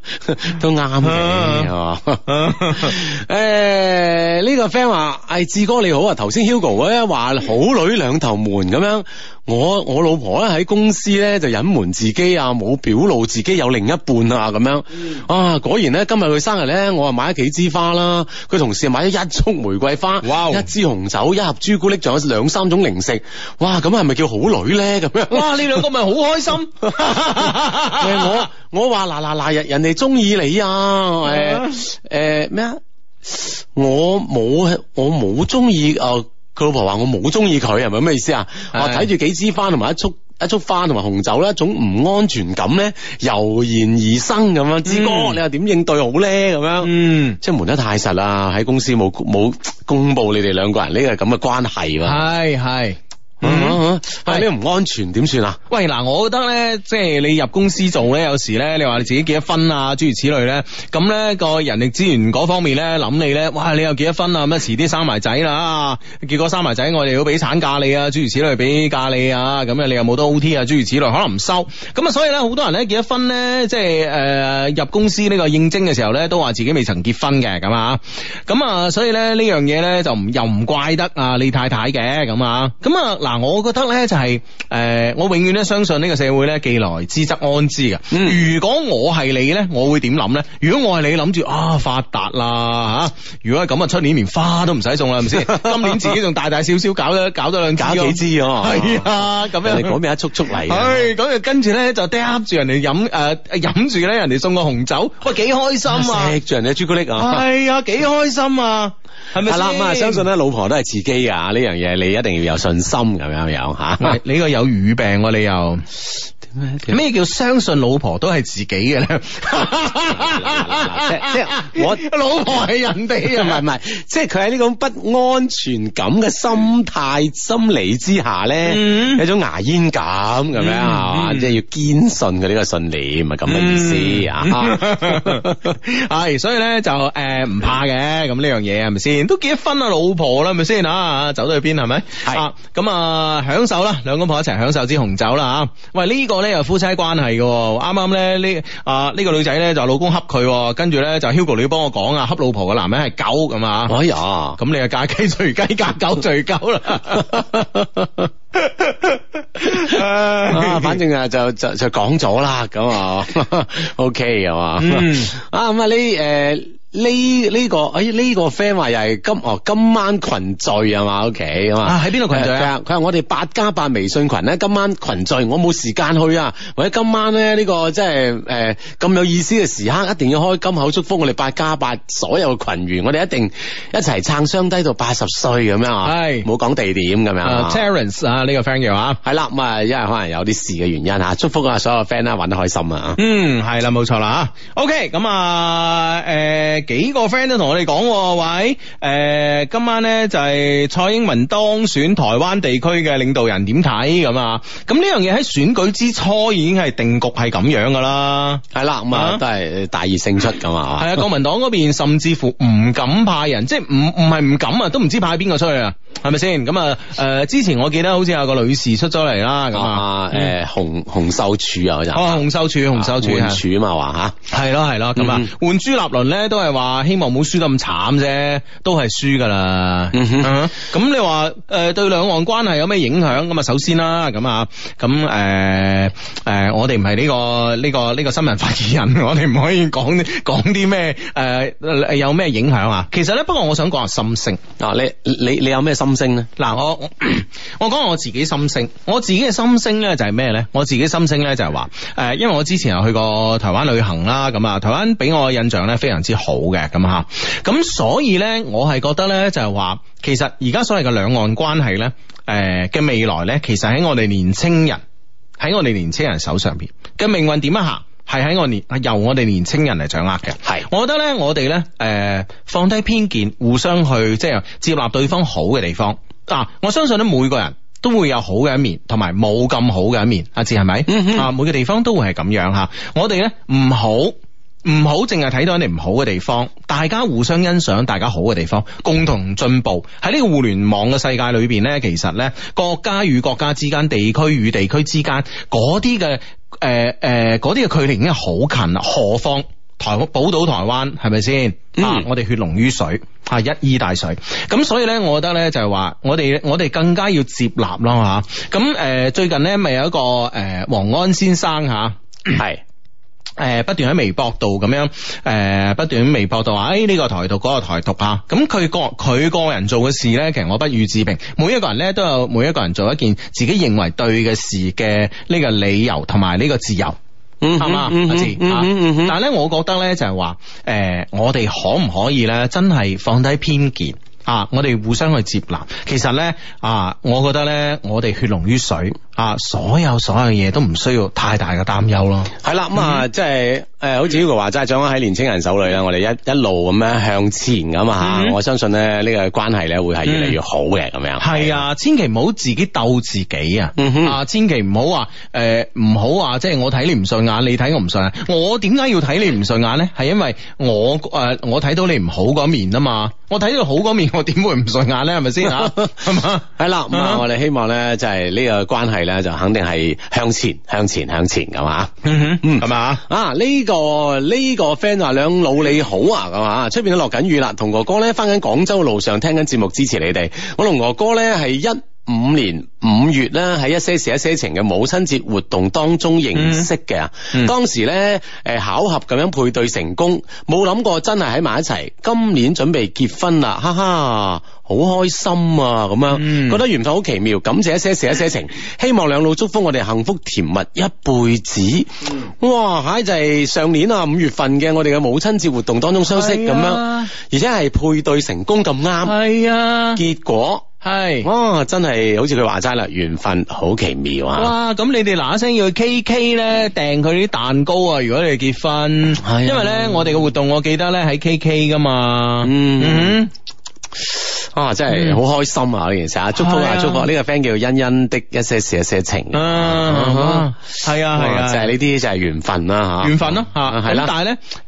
都啱嘅，誒呢個 friend 話：，誒志哥你好啊，頭先 Hugo 咧話。好女兩頭瞞咁樣，我我老婆咧喺公司咧就隱瞞自己啊，冇表露自己有另一半啊咁樣。啊果然咧今日佢生日咧，我啊買咗幾支花啦，佢同事啊買咗一束玫瑰花，Wow. 一支紅酒，一盒朱古力，仲有兩三種零食。哇！咁係咪叫好女咧？咁樣哇！呢兩個咪好開心。 我我話嗱嗱嗱，人人哋中意你啊！誒誒咩啊？我冇、呃呃呃、我冇中意啊！佢老婆話我冇中意佢，係咪咩意思啊？話睇住幾枝花同埋一束一束花同埋紅酒咧，一種唔安全感咧油然而生咁樣。志哥，嗯，你又點應對好咧？咁樣，嗯，即係瞞得太實啦，喺公司冇冇公布你哋兩個人呢個咁嘅關係喎。係係。 mm? 嗯，係咩唔安全點算啊？是喂，嗱，我覺得咧，即係你入公司做咧，有時咧，你話你自己結咗婚啊，諸如此類咧，咁、那、咧個人力資源嗰方面咧諗你咧，哇，你又結咗婚啊，咁啊遲啲生埋仔啦，結果生埋仔，我哋要俾產假你啊，諸如此類，俾假你啊，咁啊，你又冇得 O T 啊，諸如此類，可能唔收。咁、呃、啊，所以咧，好多人咧結咗婚咧，即係誒入公司呢個應徵嘅時候咧，都話自己未曾結婚嘅，咁啊，咁啊，所以咧呢樣嘢咧就唔又唔怪得啊你太太嘅咁啊，咁啊。嗱，我覺得咧就係、是，誒、呃，我永遠咧相信呢個社會咧，既來之則安之嘅。如果我係你咧，我會點諗咧？如果我係你諗住啊發達啦吓，如果係咁啊，出年連花都唔使送啦，係咪先？今年自己仲大大小小搞咗搞咗兩，搞，搞，枝搞幾枝，係啊，咁、啊啊、樣嚟攞咩一束束嚟、啊？咁啊跟住咧就嗒住人哋飲，誒，飲住咧人哋送個紅酒，喂，幾開心啊！食住、啊、人哋嘅朱古力啊，係啊、哎，幾開心啊！係啦，咁啊，相信咧，老婆都係自己㗎！呢樣嘢你一定要有信心咁樣樣吓。你呢個有語病，你又。咩叫相信老婆都係自己嘅咧？即 係我老婆係人哋，唔係唔係，即係佢喺呢種不安全感嘅心態心理之下咧，有、嗯、種牙煙感，咁樣、嗯、啊，即、就、係、係、要堅信佢呢個信念咁嘅意思啊。係、嗯、 所以咧就誒唔怕嘅，咁呢樣嘢係咪先都結咗婚啊老婆啦，係咪先啊？走到去邊係咪？係咁是啊，享受啦，兩公婆一齊享受支紅酒啦啊！喂，呢、呢個。我咧又夫妻關係嘅、哦，啱啱咧呢啊呢、呢個女仔咧就是、老公恰佢、哦，跟住咧就是、Hugo 你要幫我講啊，恰老婆嘅男人係狗咁啊，哎呀，咁你啊嫁雞隨雞，嫁狗隨狗啦，誒，反正啊就就就講咗啦，咁啊，OK 係嘛、 嗯，啊咁啊你誒。呃呢呢、呢個誒呢、呢個 friend 話又係今哦今晚群聚 okay，啊嘛？O K 啊喺邊度群聚？啊？佢話我哋八加八微信群咧今晚群聚，我冇時間去啊！或者今晚咧呢、呢個即係誒咁有意思嘅時刻，一定要開金口祝福我哋八加八所有嘅群員，我哋一定一齊撐雙低到八十歲咁樣啊！係冇講地點咁樣啊。Terence 啊呢個 friend 嘅話係啦，咁啊、嗯、因為可能有啲事嘅原因吓，祝福啊所有 friend 啦玩得開心啊！嗯，係啦，冇錯啦吓。O K 咁啊誒。呃呃呃呃幾個 friend 都同我哋講，喂，誒、呃，今晚咧就係、是、蔡英文當選台灣地區嘅領導人，點睇咁啊？咁呢樣嘢喺選舉之初已經係定局樣，係咁樣噶啦，係啦、嗯，咁啊都係大熱勝出噶嘛。係啊， 國民黨嗰邊甚至乎唔敢派人， 即係唔唔係唔敢啊，都唔知派邊個出去啊。係咪先咁啊？誒，之前我記得好似有個女士出咗嚟啦，咁啊，誒、嗯，洪洪秀柱是啊，就洪秀柱，洪秀柱，換柱啊嘛，話吓，係咯係咯，咁、嗯、哼啊，換朱立倫咧都係話希望冇輸得咁慘啫，都係輸噶啦。咁你話誒對兩岸關係有咩影響？咁啊，首先啦，咁啊，咁誒誒，我哋唔係呢個呢、這個呢、這個這個新聞發言人，我哋唔可以講講啲咩誒有咩影響啊？其實咧，不過我想講係心聲啊，你你你有咩心？心聲咧，嗱我我我講我自己心聲，我自己嘅心聲咧就係咩呢？我自己心聲咧就係話，誒，因為我之前有去過台灣旅行啦，咁啊台灣俾我印象咧非常之好嘅，咁吓，咁所以呢，我係覺得呢就係話，其實而家所謂嘅兩岸關係呢誒嘅未來呢，其實喺我哋年青人喺我哋年青人手上邊嘅命運點樣行？係喺我年由我哋年青人嚟掌握嘅，係的我覺得呢，我哋呢誒，放低偏見，互相去即係接納對方好嘅地方啊！我相信呢，每個人都會有好嘅一面，同埋冇咁好嘅一面，阿志係咪？啊， 每個地方都會係咁樣吓，我哋呢，唔好唔好淨係睇到人哋唔好嘅地方，大家互相欣賞大家好嘅地方，共同進步。喺呢個互聯網嘅世界裏邊呢，其實呢，國家與國家之間，地區與地區之間，嗰啲嘅。誒誒，嗰啲嘅距離已經係好近啦，何況台島寶島台灣係咪先？是是嗯、啊，我哋血濃於水，啊，一衣帶水。咁所以咧，我覺得咧就係話，我哋我哋更加要接納咯。吓、啊。咁誒、呃，最近咧咪有一個誒，黃、呃、安先生吓係。啊嗯誒、呃，不斷喺微博度咁樣，誒、呃，不斷喺微博度話，誒、呃，呢個台獨，嗰個台獨啊，咁佢個佢個人做嘅事呢，其實我不予置評。每一個人呢都有每一個人做一件自己認為對嘅事嘅呢個理由同埋呢個自由，係嘛？阿志、嗯啊，但係呢，我覺得呢就係話，誒、呃，我哋可唔可以呢？真係放低偏見啊？我哋互相去接納，其實呢，啊，我覺得呢，我哋血濃於水。啊！所有所有嘢都唔需要太大嘅擔憂咯。係啦，咁啊，即係誒，好似呢個話齋，掌握喺年青人手裏啦。我哋一一路咁樣向前咁啊，我相信咧呢個關係咧會係越嚟越好嘅咁樣。係啊，千祈唔好自己鬥自己啊！啊，千祈唔好話誒，唔好話即係我睇你唔順眼，你睇我唔順眼。我點解要睇你唔順眼咧？係因為我誒，我睇到你唔好嗰面啊嘛。我睇到好嗰面，我點會唔順眼咧？係咪先啊？係啦，咁啊，我哋希望咧，即係呢個關係。咧就肯定係向前向前向前，咁嘛？嗯哼，嗯，係嘛？啊，啊、這個，呢、這個呢個 friend 啊，兩老你好啊，咁啊，出邊都落緊雨啦，同哥哥咧翻緊廣州路上聽緊節目支持你哋，我同哥哥咧係一五年五月啦，喺一些事一些情嘅母親節活動當中認識嘅、嗯嗯、當時咧誒巧合咁樣配對成功，冇諗過真係喺埋一齊。今年準備結婚啦，哈哈，好開心啊咁樣，嗯、覺得緣分好奇妙，感謝一些事一些情， 希望兩老祝福我哋幸福甜蜜一輩子。嗯、哇，唉就係、是、上年啊五月份嘅我哋嘅母親節活動當中相識咁、啊、樣，而且係配對成功咁啱，係啊，結果。係，哇！真係好似佢話齋啦，緣分好奇妙啊！哇！咁你哋嗱一聲要去 K K 咧，訂佢啲蛋糕啊！如果你哋結婚，係，因為咧我哋嘅活動，我記得咧喺 K K 噶嘛。嗯，嗯，啊，真係好開心啊！呢件事啊，祝福啊祝福！呢個 friend 叫欣欣的一些事一些情啊，係啊係啊，就係呢啲就係緣分啦吓，緣分咯吓，係啦。但係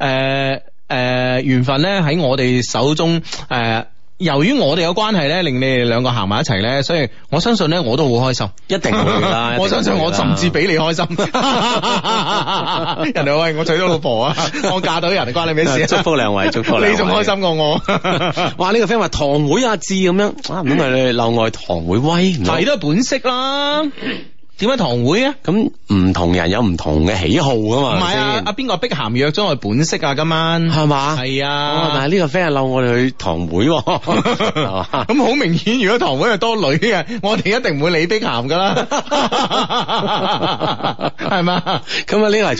咧，誒誒緣分咧喺我哋手中誒。由於我哋有關係咧，令你哋兩個行埋一齊咧，所以我相信咧，我都好開心，一定會啦！定會會啦 我相信我甚至比你開心， 人哋喂我娶咗老婆啊， 我嫁到人，關你咩事啊？祝福兩位，祝福 你，你仲開心過我。 哇！呢、這個 friend 話堂會阿志咁樣，啊唔通係漏外堂會威？你都係本色啦。點解堂會啊？咁唔同人有唔同嘅喜好啊嘛？唔係啊，阿邊、啊、個碧咸約咗我本色吧啊，今晚係嘛？係啊，但係呢個 friend 諗我哋去堂會，係嘛？咁好明顯，如果堂會係多女嘅，我哋一定唔會理碧咸噶啦，係嘛？咁啊，呢個係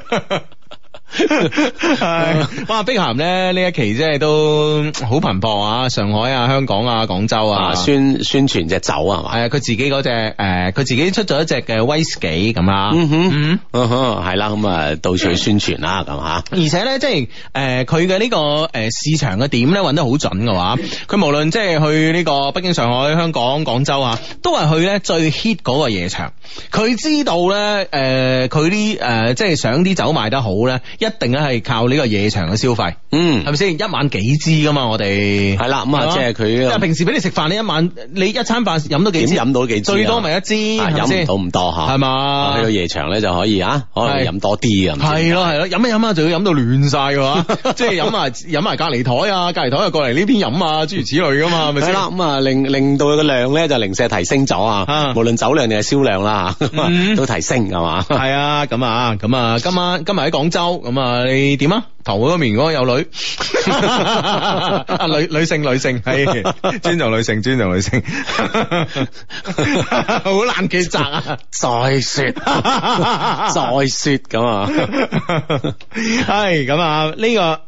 絕對。 係 哇、呃，碧咸咧呢一期即係都好頻撲啊！上海啊、香港啊、廣州啊，啊宣宣傳隻酒啊，係啊，佢自己嗰隻誒，佢、呃、自己出咗一隻嘅威士忌咁啊，嗯哼嗯哼，係、嗯哼嗯、啦，咁啊，到處去宣傳啦，咁嚇、嗯哼。啊、而且咧，即係誒佢嘅呢個誒、呃、市場嘅點咧揾得好準嘅話，佢無論即係去呢個北京、上海、香港、廣州啊，都係去咧最 hit 嗰個夜場。佢知道咧誒，佢啲誒即係想啲酒賣得好咧。呢呢呢呢呢一定咧係靠呢個夜場嘅消費，嗯，係咪先一晚幾支噶嘛？我哋係啦，咁啊即係佢。但係平時俾你食飯你一晚你一餐飯飲到幾支？飲到幾支？最多咪一支，飲唔到咁多吓，係嘛？去到夜場咧就可以啊，可能飲多啲啊。係咯係咯，飲一飲啊，就要飲到亂晒噶，即係飲埋飲埋隔籬台啊，隔籬台又過嚟呢邊飲啊，諸如此類噶嘛，係咪先？咁啊令令到個量咧就零舍提升咗啊，無論酒量定係銷量啦都提升係嘛？係啊，咁啊咁啊，今晚今日喺廣州。咁啊，你點啊？頭嗰面嗰個有女，女女性女性係尊重女性，尊重女性，好難抉擇啊！再說，再說咁啊，係咁啊，呢個。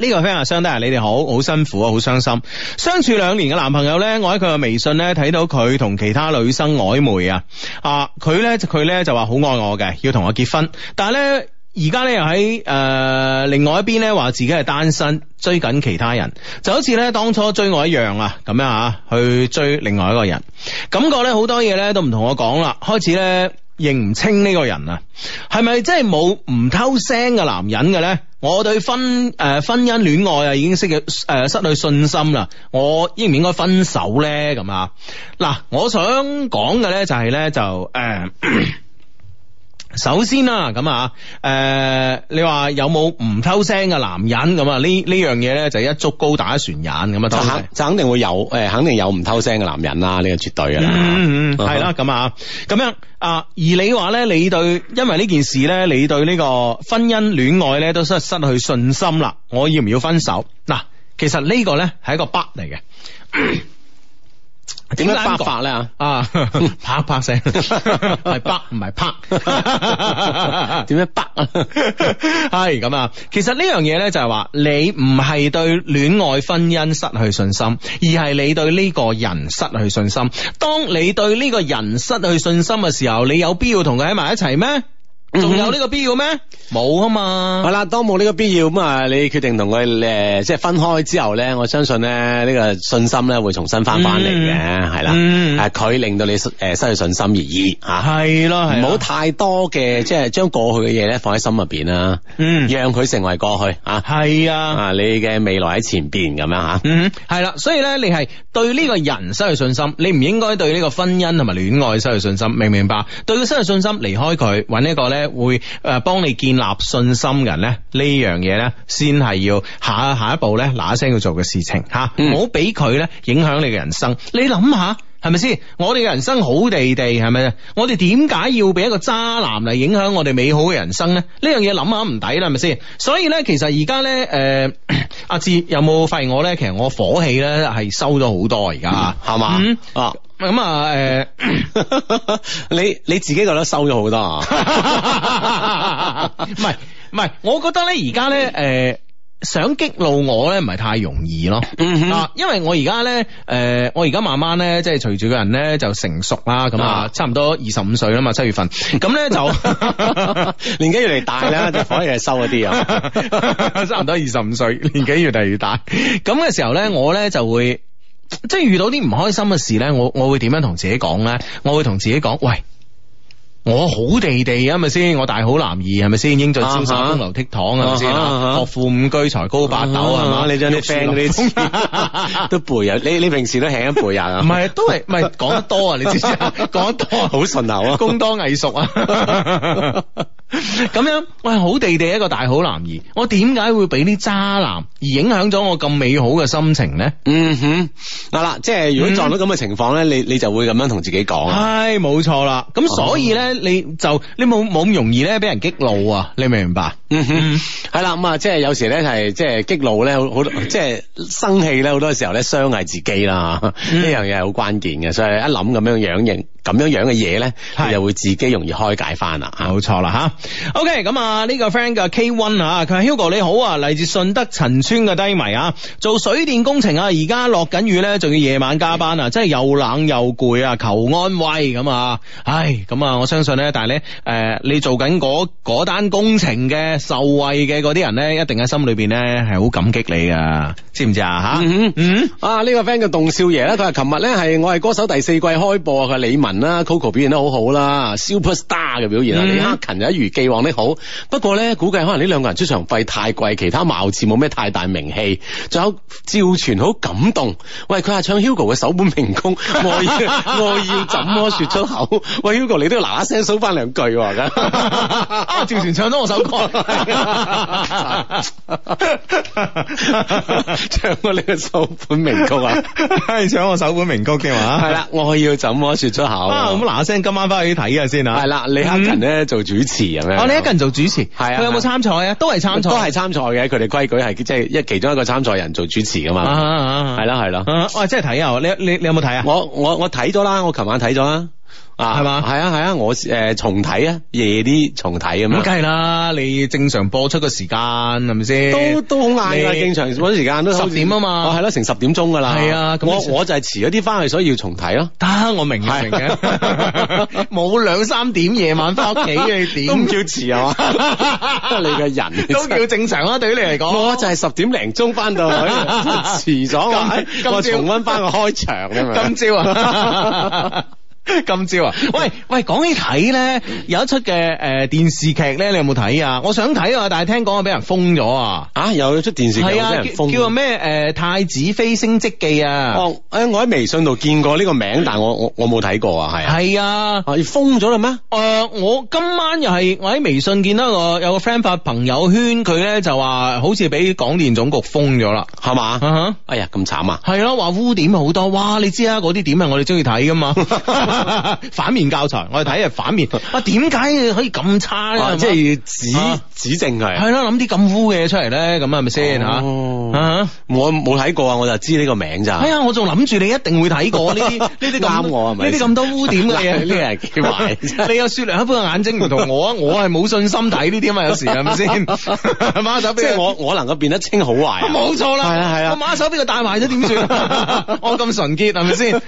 呢個 friend 阿兄弟啊，你哋好好辛苦啊，好傷心。相處兩年嘅男朋友呢，我喺佢嘅微信呢睇到佢同其他女生曖昧啊。啊，佢呢，呢就佢呢就話好愛我嘅，要同我結婚。但係呢，而家呢又喺誒、呃、另外一邊呢話自己係單身，追緊其他人，就好似呢當初追我一樣啊咁樣啊去追另外一個人。感覺呢好多嘢呢都唔同我講啦，開始呢。認唔清呢個人啊，係咪真係冇唔偷腥嘅男人嘅咧？我對婚誒、呃、婚姻戀愛啊已經失去誒、呃、失去信心啦。我應唔應該分手咧？咁啊，嗱，我想講嘅咧就係、是、咧就誒。呃 首先啦，咁啊，誒，你話有冇唔偷腥嘅男人咁啊？呢呢樣嘢咧就一竹篙打一船人，咁啊實，就肯定會有，誒，肯定有唔偷腥嘅男人啦，呢、這個絕對嘅啦、嗯。嗯嗯，係啦， 咁啊，咁樣啊，而你話咧，你對，因為呢件事咧，你對呢個婚姻戀愛咧都失失去信心啦。我要唔要分手？嗱、呃，其實呢個咧係一個 bug 嚟嘅。 點啪法咧啊！啪啪聲，係啪唔係啪？點樣啪啊？係咁啊！其實呢樣嘢咧就係話，你唔係對戀愛婚姻失去信心，而係你對呢個人失去信心。當你對呢個人失去信心嘅時候，你有必要同佢喺埋一齊咩？仲有呢個必要咩？冇啊、嗯、嘛，係啦，當冇呢個必要咁啊，你決定同佢誒，即係分開之後咧，我相信咧呢、這個信心咧會重新翻翻嚟嘅，係啦，係佢令到你誒、呃、失去信心而已吓，係、啊、咯，唔好太多嘅，即係將過去嘅嘢咧放喺心入邊啦，嗯，讓佢成為過去啊，係的啊，你嘅未來喺前邊咁樣吓，嗯，係啦，所以咧你係對呢個人失去信心，你唔應該對呢個婚姻同埋戀愛失去信心，明唔明白？對佢失去信心，離開佢揾一個咧。會誒，幫、呃、你建立信心人咧，樣呢樣嘢咧，先係要下下一步咧，嗱嗱聲要做嘅事情吓，唔好俾佢咧影響你嘅人生。你諗下，係咪先？我哋嘅人生好地地，係咪咧？我哋點解要俾一個渣男嚟影響我哋美好嘅人生咧？呢樣嘢諗下唔抵啦，係咪先？所以咧，其實而家咧，誒、呃，阿、啊、志有冇發現我咧？其實我火氣咧係收咗好多而家，係嘛、嗯？嗯、啊。咁啊，誒，呃、 你你自己覺得收咗好多啊？唔係唔係，我覺得咧而家咧，誒、呃，想激怒我咧唔係太容易咯。啊， 因為我而家咧，誒、呃，我而家慢慢咧，即係隨住個人咧就成熟啦，咁啊，差唔多二十五歲啦嘛，七月份，咁咧就年紀越嚟大咧，就反而係收一啲啊，差唔多二十五歲，年紀越嚟越大，咁嘅時候咧，我咧就會。即係遇到啲唔開心嘅事咧，我我會點樣同自己講咧？我會同自己講，喂，我好地地啊，係咪先，我大好男兒係咪先？英俊瀟灑，風流倜儻係咪先？學富五車，才高八斗啊嘛！你將啲 friend 嗰啲都背啊！你你平時都響咁背啊？唔係，都係唔係講得多啊？你知唔知啊？講得多，好順流啊！工多藝熟啊！咁 樣，我係好地地一個大好男兒，我點解會俾啲渣男而影響咗我咁美好嘅心情咧？嗯哼，嗱啦，即係如果撞到咁嘅情況咧，嗯、你你就會咁樣同自己講，係冇錯啦。咁所以咧、嗯，你就你冇冇咁容易咧俾人激怒啊？你明唔明白？嗯哼，係啦，咁啊，即係、就是、有時咧係即係激怒咧，好即係生氣咧，好多、就是、多時候咧傷係自己啦。呢樣嘢係好關鍵嘅，所以一諗咁樣樣嘢，咁樣樣嘅嘢咧，你就會自己容易開解翻啦。冇錯啦，吓。O.K. 咁啊呢個 friend 嘅 K One 啊，佢話 Hugo 你好啊，嚟自順德陳村嘅低迷啊，做水電工程啊，而家落緊雨咧，仲要夜晚加班啊，真係又冷又攰啊，求安慰咁啊，唉，咁啊我相信咧，但係咧誒，你做緊嗰嗰單工程嘅受惠嘅嗰啲人咧，一定喺心裏邊咧係好感激你噶，知唔知、mm hmm. 嗯、啊？吓，嗯啊呢個 friend 嘅凍少爺咧，佢話琴日咧係我係歌手第四季開播，佢係李玟啦，Coco 表現得好好啦，Super Star 嘅表現啊，mm hmm. 李克勤又一月。既往的好，不過咧，估計可能呢兩個人出場費太貴，其他貌似冇咩太大名氣。仲有趙傳好感動，喂，佢話唱 Hugo 嘅首本名曲，我要我要怎麼説出口？喂，Hugo 你都要嗱嗱聲數翻兩句㗎，趙傳唱咗我首歌，唱我呢個首本名曲啊，係唱我首本名曲嘅話，係啦，我要怎麼説出口啊？咁嗱嗱聲，今晚翻去睇下先啊。係啦，李克勤咧做主持。哦，你一個人做主持，係啊，佢有冇參賽啊？都係參賽，都係參賽嘅。佢哋規矩係即係一其中一個參賽人做主持噶嘛，係啦係啦。哦、啊，即係睇啊！你你你有冇睇啊？我我我睇咗啦，我琴晚睇咗啦。啊，係嘛？係啊，係啊，我誒重睇啊，夜啲重睇啊嘛。咁梗係啦，你正常播出嘅時間係咪先？都都好晏嘅，正常嗰啲時間都十點啊嘛。係咯，成十點鐘噶啦。係啊，我我就係遲咗啲翻去，所以要重睇咯。得，我明唔明嘅，冇兩三點夜晚翻屋企嘅你點都唔叫遲啊嘛？都係你嘅人，都叫正常啊，對於你嚟講。我就係十點零鐘翻到去，遲咗，我重溫翻個開場啫嘛。今朝啊。 今朝啊，喂喂，講起睇咧，有一出嘅誒、呃、電視劇咧，你有冇睇啊？我想睇啊，但係聽講啊，俾人封咗啊！啊，一出電視劇俾人封、啊，叫做咩誒、呃《太子妃升職記》啊！哦，誒、呃，我喺微信度見過呢個名，但我我我冇睇過啊，係係啊，啊，啊，封咗啦咩？誒、呃，我今晚又係我喺微信見到個有個 friend 發朋友圈，佢咧就話好似俾廣電總局封咗啦，係嘛吧？Uh huh. 哎呀，咁慘啊！係咯、啊，話污點好多，哇！你知啊，嗰啲點係我哋中意睇噶嘛。 反面教材，我哋睇下反面。哇，點解可以咁差咧？即係指指正佢，係咯，諗啲咁污嘅嘢出嚟咧，咁係咪先吓？我冇睇過啊，我就知呢個名咋。係啊，我仲諗住你一定會睇過呢啲呢啲我係咪？呢啲咁多污點嘅嘢，呢啲係幾壞。你又雪亮一般嘅眼睛唔同我，啊。我係冇信心睇呢啲啊嘛。有時係咪先？馬手即係我，我能夠變得清好壞。冇錯啦，係啦係啦。馬手俾佢帶壞咗點算？我咁純潔係咪先？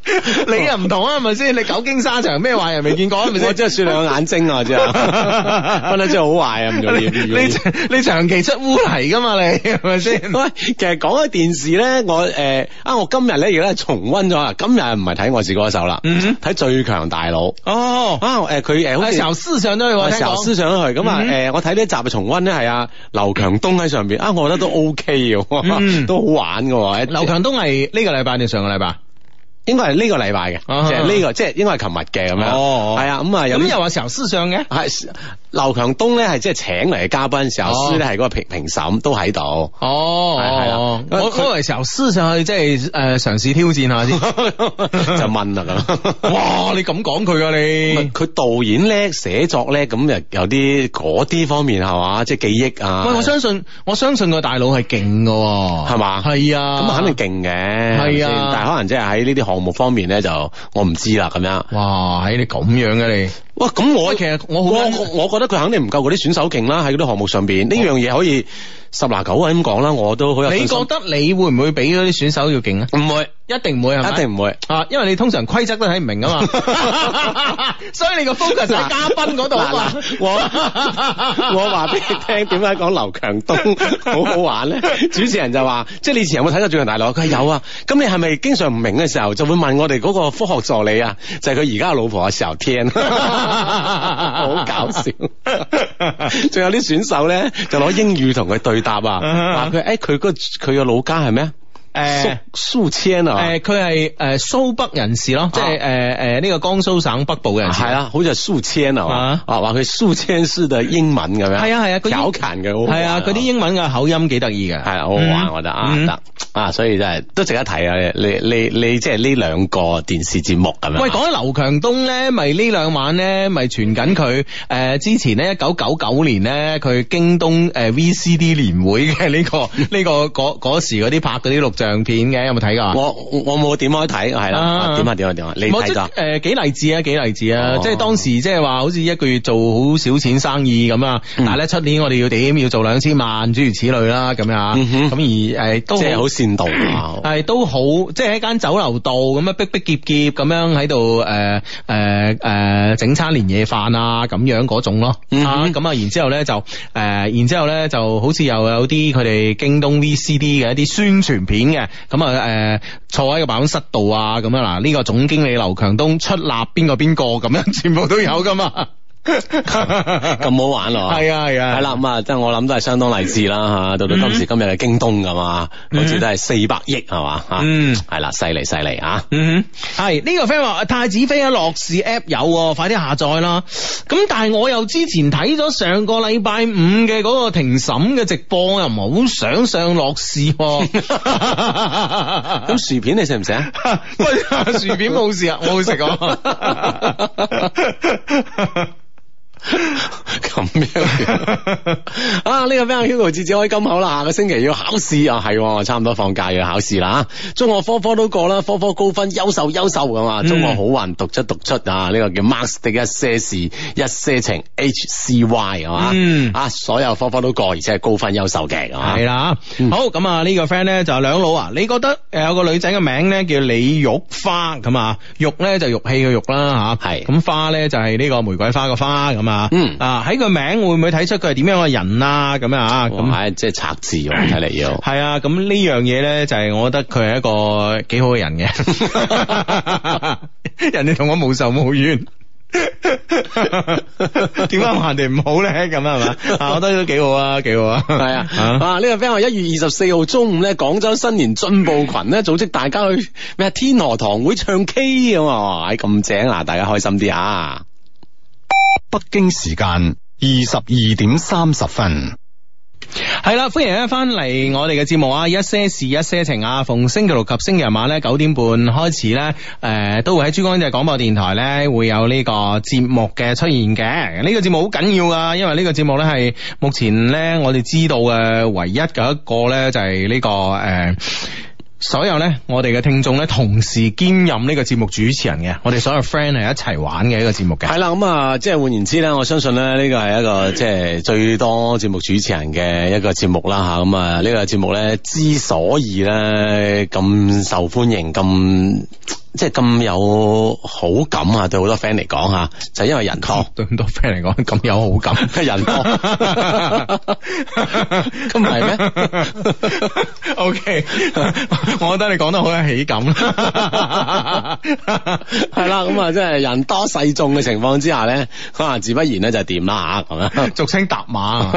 你又唔同啊，係咪先？你久經沙場，咩壞人未見過啊？係咪先？即真係雪兩眼睛啊！ 真係，真係真係好壞啊！唔做嘢，你長你長期出污泥噶嘛？你係咪先？喂、嗯，其實講起電視咧，我誒啊、呃，我今日咧亦都係重溫咗啊。今日唔係睇《我是歌手》啦，睇《最強大腦》。哦啊，誒，佢誒，有時候思想都去，有時候思想都去咁啊。誒，我睇呢一集重溫咧，係劉強東喺上邊啊，我覺得都 OK 嘅，都好玩嘅。劉、啊、強東係呢個禮拜定上個禮拜？應該係呢個禮拜嘅，即係呢個即係應該係琴日嘅咁樣。哦，係啊，咁啊，咁又話《時候思想嘅係劉強東咧，係即係請嚟嘅嘉賓。《時候，思》咧係嗰個評評審都喺度。哦，我開嚟《時候思上》去即係誒嘗試挑戰下先，就問啦。哇，你咁講佢啊，你佢導演叻，寫作叻，咁就有啲嗰啲方面係嘛，即係記憶啊。喂，我相信我相信個大佬係勁噶，係嘛？係啊，咁肯定勁嘅。係啊，但係可能即係喺呢啲。項目方面咧就我唔知啦，咁樣。哇，唉你咁樣嘅你，哇咁我其實我我我覺得佢肯定唔夠嗰啲選手勁啦，喺嗰啲項目上邊呢、嗯、樣嘢可以。十拿九穩咁講啦，我都好有。你覺得你會唔會比嗰啲選手要勁咧？唔會，一定唔會係咪？一定唔會啊！因為你通常規則都睇唔明啊嘛， 所以你個 focus 喺嘉賓嗰度啊嘛。我 我話俾你聽，點解講劉強東好 好玩咧？ 主持人就話，即係你以前有冇睇過最《最強大腦》？佢有啊。咁你係咪經常唔明嘅時候，就會問我哋嗰個科學助理啊？就係佢而家老婆嘅時候聽，好搞笑。仲有啲選手咧，就攞英語同佢對。答啊，話佢誒，佢、哎、個佢嘅老家係咩啊？誒宿宿遷啊，誒佢係誒蘇北人士咯，即係誒誒呢個江蘇省北部嘅人士係啦、啊啊，好似係宿遷啊嘛，話話佢宿遷式嘅英文咁樣，係啊係啊，啊調侃嘅，係、哦、啊，佢啲英文嘅口音幾得意嘅，係、啊、好玩，我覺得啊得、嗯、啊，所以真係都值得睇啊，你你你，你即係呢兩個電視節目咁樣。喂，講起劉強東咧，咪呢兩晚咧咪傳緊佢誒之前呢，一九九九年咧佢京東誒 VCD 年會嘅呢、這個呢、這個嗰嗰、這個、時嗰啲拍嗰啲錄。相片嘅有冇睇過？我我冇點開睇，係啦，點啊點啊點啊，你睇咗？誒幾勵志啊幾勵志啊！即係當時即係話，好似一個月做好少錢生意咁啊！但係咧出年我哋要點要做兩千萬諸如此類啦咁樣嚇。咁而誒都即係好煽動，係都好即係喺間酒樓度咁啊逼逼劫劫咁樣喺度誒誒誒整餐年夜飯啊咁樣嗰種咯嚇。咁啊然之後咧就誒，然之後咧就好似又有啲佢哋京東 VCD 嘅一啲宣傳片。嘅咁、嗯呃、啊，誒，坐喺個辦公室度啊，咁樣嗱，呢個總經理劉強東出納邊個邊個咁樣，全部都有噶嘛。咁 好玩咯，係啊係啊，係啦咁啊，即係我諗都係相當勵志啦吓，到到今時今日嘅京東噶嘛，好似都係四百億係嘛吓，嗯係啦，犀利犀利啊，嗯係呢個 friend 話太子妃啊，樂視 app 有、啊，快啲下載啦。咁但係我又之前睇咗上個禮拜五嘅嗰個庭審嘅直播，我又唔係好想上樂視。咁、 嗯 嗯 啊、薯片你食唔食啊？喂薯片冇事啊，冇事。咁 樣嗎 啊！呢、這個 friend Hugo 子子開金口啦，下個星期要考試啊，係、哦、差唔多放假要考試啦、啊。中學科科都過啦，科科高分優秀優秀咁嘛、啊。中國好運獨出獨出啊！呢個叫 m a k 的一些事一些情 H C Y 啊嘛，嗯、啊所有科科都過，而且係高分優秀嘅係啦。好咁啊，呢、嗯這個 friend 咧就係兩老啊，你覺得誒有個女仔嘅名咧叫李玉花咁啊？玉咧就玉器嘅玉啦吓，係咁對 花咧就係呢個玫瑰花嘅花咁嗯、啊，啊喺個名會唔會睇出佢係點樣嘅人啊？咁樣、嗯、啊？咁啊，即係拆字嘅睇嚟要係啊，咁呢樣嘢咧，就係、是、我覺得佢係一個幾好嘅人嘅。 人哋同我冇仇冇怨，點解話人哋唔好咧？咁啊嘛，我覺得都幾好啊，幾好啊。係啊，啊呢個 friend 話一月二十四號中午咧，廣州新年進步群咧，組織大家去咩天河堂會唱 K 咁啊，咁正啊，大家開心啲啊！北京時間二十二點三十分，係啦，歡迎咧翻嚟，我哋嘅節目啊！一些事，一些情啊，逢星期六及星期日晚咧九點半開始咧，誒、呃，都會喺珠江台廣播電台咧會有呢個節目嘅出現嘅。呢、這個節目好緊要噶，因為呢個節目咧係目前咧我哋知道嘅唯一嘅一個咧就係呢、這個誒。呃所有咧，我哋嘅聽眾咧，同時兼任呢個節目主持人嘅，我哋所有 friend 係一齊玩嘅一個節目嘅。係啦，咁 啊樂，即係換言之咧，我相信咧，呢個係一個即係最多節目主持人嘅一個節目啦，吓咁啊，呢個節目咧之所以咧咁受歡迎咁。即係咁有好感啊！對好多 friend 嚟講吓，就係因為人多，對咁多 friend 嚟講咁有好感，人多咁係咩？O K，我覺得你講得好有喜感啦，係啦，咁啊，即係人多勢眾嘅情況之下咧，可能自不然咧就掂啦 啊，係咪？俗稱搭馬，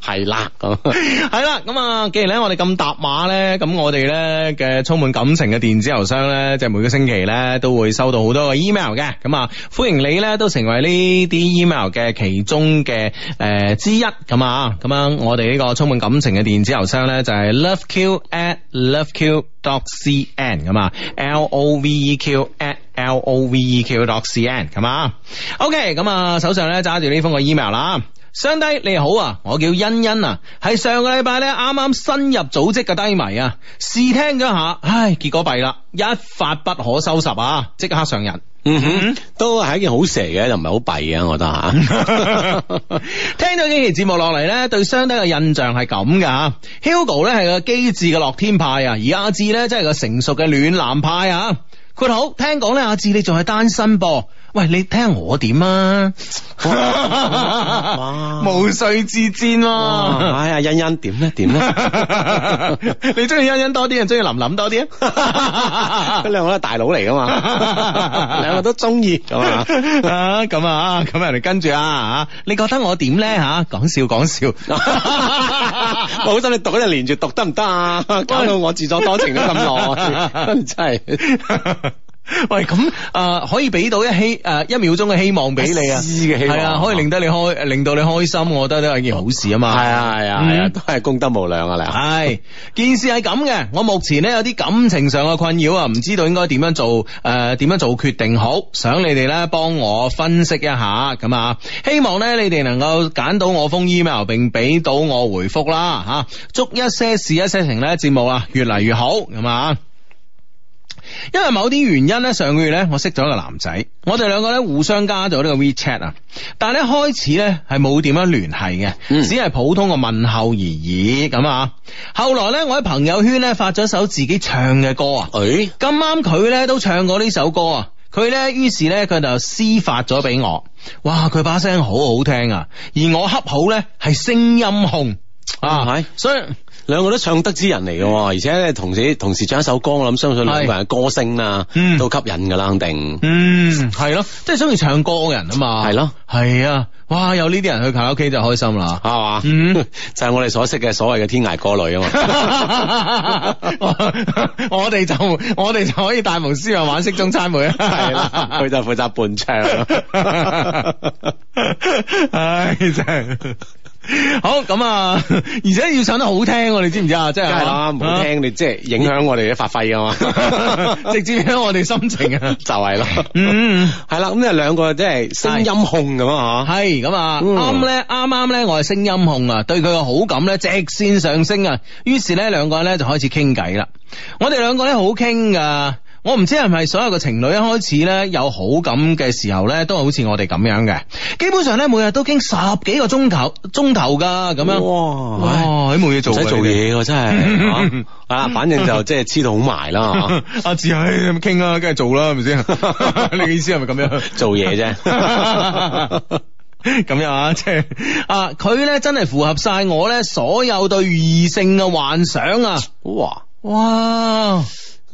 係啦，咁係啦，咁啊，既然咧我哋咁搭馬咧，咁我哋咧嘅充滿感情嘅電子郵箱咧，即係。每個星期咧都會收到好多嘅 email 嘅，咁啊歡迎你咧都成為呢啲 email 嘅其中嘅誒、呃、之一咁啊，咁樣我哋呢個充滿感情嘅電子郵箱咧就係 loveq@loveq.cn 咁啊，l o v e q@l o v e q.cn 咁啊，ok 咁啊手上咧揸住呢封嘅 email 啦。雙低你好啊，我叫欣欣啊，係上個禮拜咧啱啱新入組織嘅低迷啊，試聽咗下，唉，結果弊啦，一發不可收拾啊，即刻上人，嗯哼，都係一件好蛇嘅，又唔係好弊嘅，我覺得吓、啊。 聽到呢期節目落嚟咧，對雙低嘅印象係咁嘅，Hugo 咧係個機智嘅樂天派啊，而阿志咧真係個成熟嘅暖男派啊，括好聽講咧阿志你仲係單身噃。喂，你聽我點啊？哇哇哇無序自戰咯、啊，哎呀，欣欣點咧？點咧？ 你中意欣欣多啲，定中意琳琳多啲 啊？兩個都大佬嚟噶嘛，兩個都中意係嘛？咁啊，咁、啊、人哋跟住啊，你覺得我點咧？吓、啊，講笑講笑，我 好想你讀咧，連住讀得唔得啊？喂搞到我自作多情都咁耐，真係。 喂，咁啊、呃，可以俾到一希誒、呃、一秒鐘嘅希望俾你啊，係啊，可以令得你開，令到你開心，我覺得都係件好事啊嘛。係、嗯、啊，係啊，係啊，都係功德無量啊喇。係，件事係咁嘅，我目前呢有啲感情上嘅困擾啊，唔知道應該點樣做，誒、呃，點樣做決定好，想你哋咧幫我分析一下，咁啊，希望咧你哋能夠揀到我封 email，並俾到我回覆啦，吓，祝一些事一些情咧節目啊越嚟越好，咁啊。因為某啲原因咧，上個月咧我識咗個男仔，我哋兩個咧互相加咗呢個 WeChat 啊，但係咧開始咧係冇點樣聯繫嘅，嗯、只係普通個問候而已咁啊。後來咧我喺朋友圈咧發咗首自己唱嘅歌啊，誒，咁啱佢咧都唱過呢首歌啊，佢咧於是咧佢就私發咗俾我，哇，佢把聲好好聽啊，而我恰好咧係聲音控、嗯、啊，係，所以。兩個都唱得之人嚟嘅，而且咧同時同時唱一首歌，我諗相信兩個人嘅歌聲啊，嗯、都吸引噶啦，肯定。嗯，係咯，即係鍾意唱歌嘅人啊嘛。係咯的，係啊，哇，有呢啲人去卡拉 OK 就開心啦，係嘛。嗯、 就係我哋所識嘅所謂嘅天涯歌女啊嘛。我哋就我哋就可以大夢思夢玩色種菜梅，係 啦，佢就負責伴唱。唉、 哎，真係！好咁啊！而且要唱得好聽，啊，你知唔知啊？即係係啦，唔好聽你即係影響我哋嘅發揮啊嘛， 直接影響我哋心情啊！ 就係咯了，嗯，係啦，嗯，咁啊兩個即係聲音控咁啊吓，係咁啊啱咧，啱啱咧我係聲音控啊，對佢嘅好感咧直線上升啊，於是咧兩個人咧就開始傾偈啦，我哋兩個咧好傾噶。我唔知係咪所有嘅情侶一開始咧有好感嘅時候咧，都係好似我哋咁樣嘅。基本上咧，每日都傾十幾個鐘頭，鐘頭噶咁樣。哇哇，冇嘢哇做，做，唔使做嘢噶真係。啊，反正就即係黐到好埋啦。阿志，唉，咁傾啊，梗係做啦，係咪先？你嘅意思係咪咁樣做嘢啫？咁樣啊，即係 啊，佢咧真係符合晒我咧所有對異性嘅幻想啊！哇哇！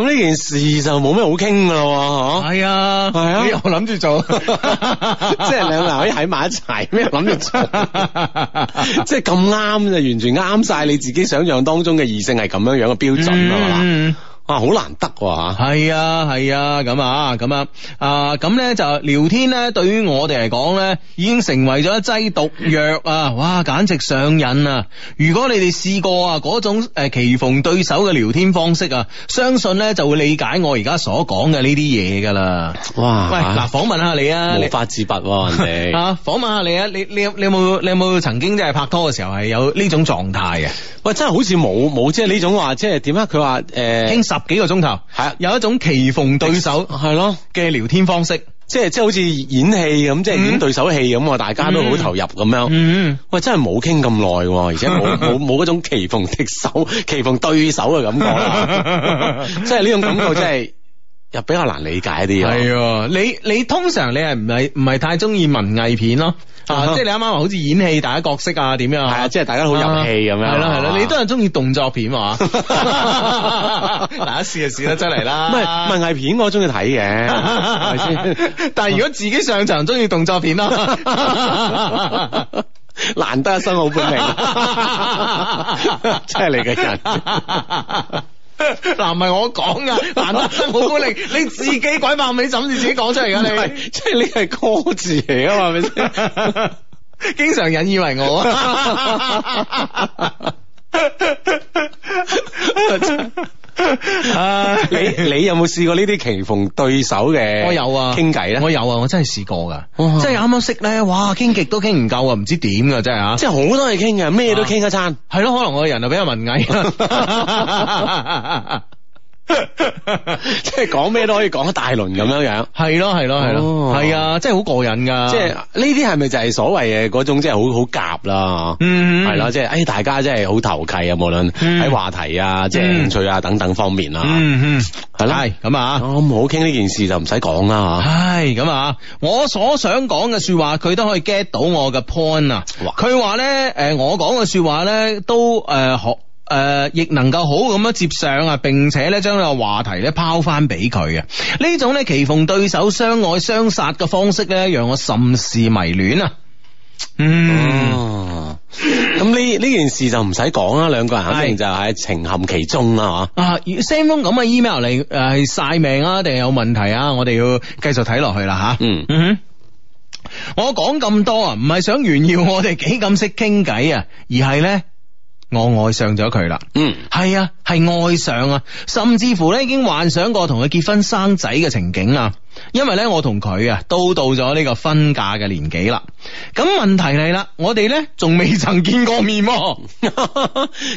咁呢件事就冇咩好傾噶咯，吓係啊，係啊，你又諗住做， 即係兩男可以喺埋一齊，咩諗住做， 即係咁啱就完全啱晒你自己想象當中嘅異性係咁樣樣嘅標準啊嘛。嗯好、啊、難得吓，係啊，係啊，咁啊，咁樣啊，咁、啊、咧就聊天咧，對於我哋嚟講咧，已經成為咗一劑毒藥啊！哇，簡直上癮啊！如果你哋試過啊，嗰種誒棋逢對手嘅聊天方式啊，相信咧就會理解我而家所講嘅呢啲嘢噶啦！哇，喂，嗱、呃，訪問下你啊，無法自拔人哋啊，訪問下你啊，你你、啊、你，你，你有冇你有冇曾經即係拍拖嘅時候係有呢種狀態啊？喂，真係好似冇冇，即係呢種話，即係點啊？佢話誒，呃、十。幾個鐘頭係啊，有一種棋逢對手係咯嘅聊天方式，即係即係好似演戲咁，即係演，演對手戲咁，嗯、大家都好投入咁樣。嗯、喂，真係冇傾咁耐，而且冇冇冇嗰種棋逢敵手、棋逢對手嘅感覺啦。即係呢種感覺真係。又比較難理解啲嘢。係，你你通常你係唔係唔係太中意文藝片咯？啊，即係你啱啱話好似演戲，大家角色啊點樣？係啊，即係大家好入戲咁樣。係咯係咯，你都係中意動作片啊？嗱，試就試得出嚟啦。唔係文藝片我中意睇嘅，係先？但係如果自己上場中意動作片咯，難得一身好本領。真係你嘅人。嗱，唔係、啊、我講噶，難得好你你自己鬼把尾，枕住 自己講出嚟噶，你即係、就是、你係歌詞嚟啊嘛，係咪先？經常引以為傲。啊！啊、uh！你你有冇試過呢啲棋逢對手嘅？我有啊，傾偈咧，我有啊，我真係試過噶，哇即係啱啱識咧，哇，傾極都傾唔夠啊，唔知點噶真係啊，即係好多嘢傾嘅，咩都傾一餐，係咯，可能我個人就比較文藝。 即係講咩都可以講一大輪咁樣樣，係咯，係咯，係咯，係啊，即係好過癮噶。即係呢啲係咪就係所謂嘅嗰種即係好好夾啦？嗯，係咯、mm，即係誒，大家即係好投契啊，無論喺話題啊、即係興趣啊等等方面啊。嗯嗯，係啦。咁啊，咁好傾呢件事就唔使講啦。唉，咁啊，我所想講嘅說話，佢都可以 get 到我嘅 point 啊。佢話咧，誒，我講嘅說話咧都誒、呃、學。誒，亦、呃、能夠好咁樣接上啊，並且咧將呢個話題咧拋翻俾佢啊！呢種咧棋逢對手相愛相殺嘅方式咧，讓我甚是迷戀啊！嗯，咁呢呢件事就唔使講啦，兩個人肯定就係情陷其中啦，嗬！啊，聲風咁嘅 email 嚟，誒，晒、呃、命啊，定係有問題啊？我哋要繼續睇落去啦，吓、啊，嗯嗯，嗯哼，我講咁多啊，唔係想炫耀我哋幾咁識傾偈啊，而係咧。我愛上咗佢啦，嗯，係啊，係愛上啊，甚至乎咧已經幻想過同佢結婚生仔嘅情景啦。因為咧，我同佢啊，都到咗呢個婚嫁嘅年紀啦。咁問題係啦，我哋咧仲未曾見過面。咁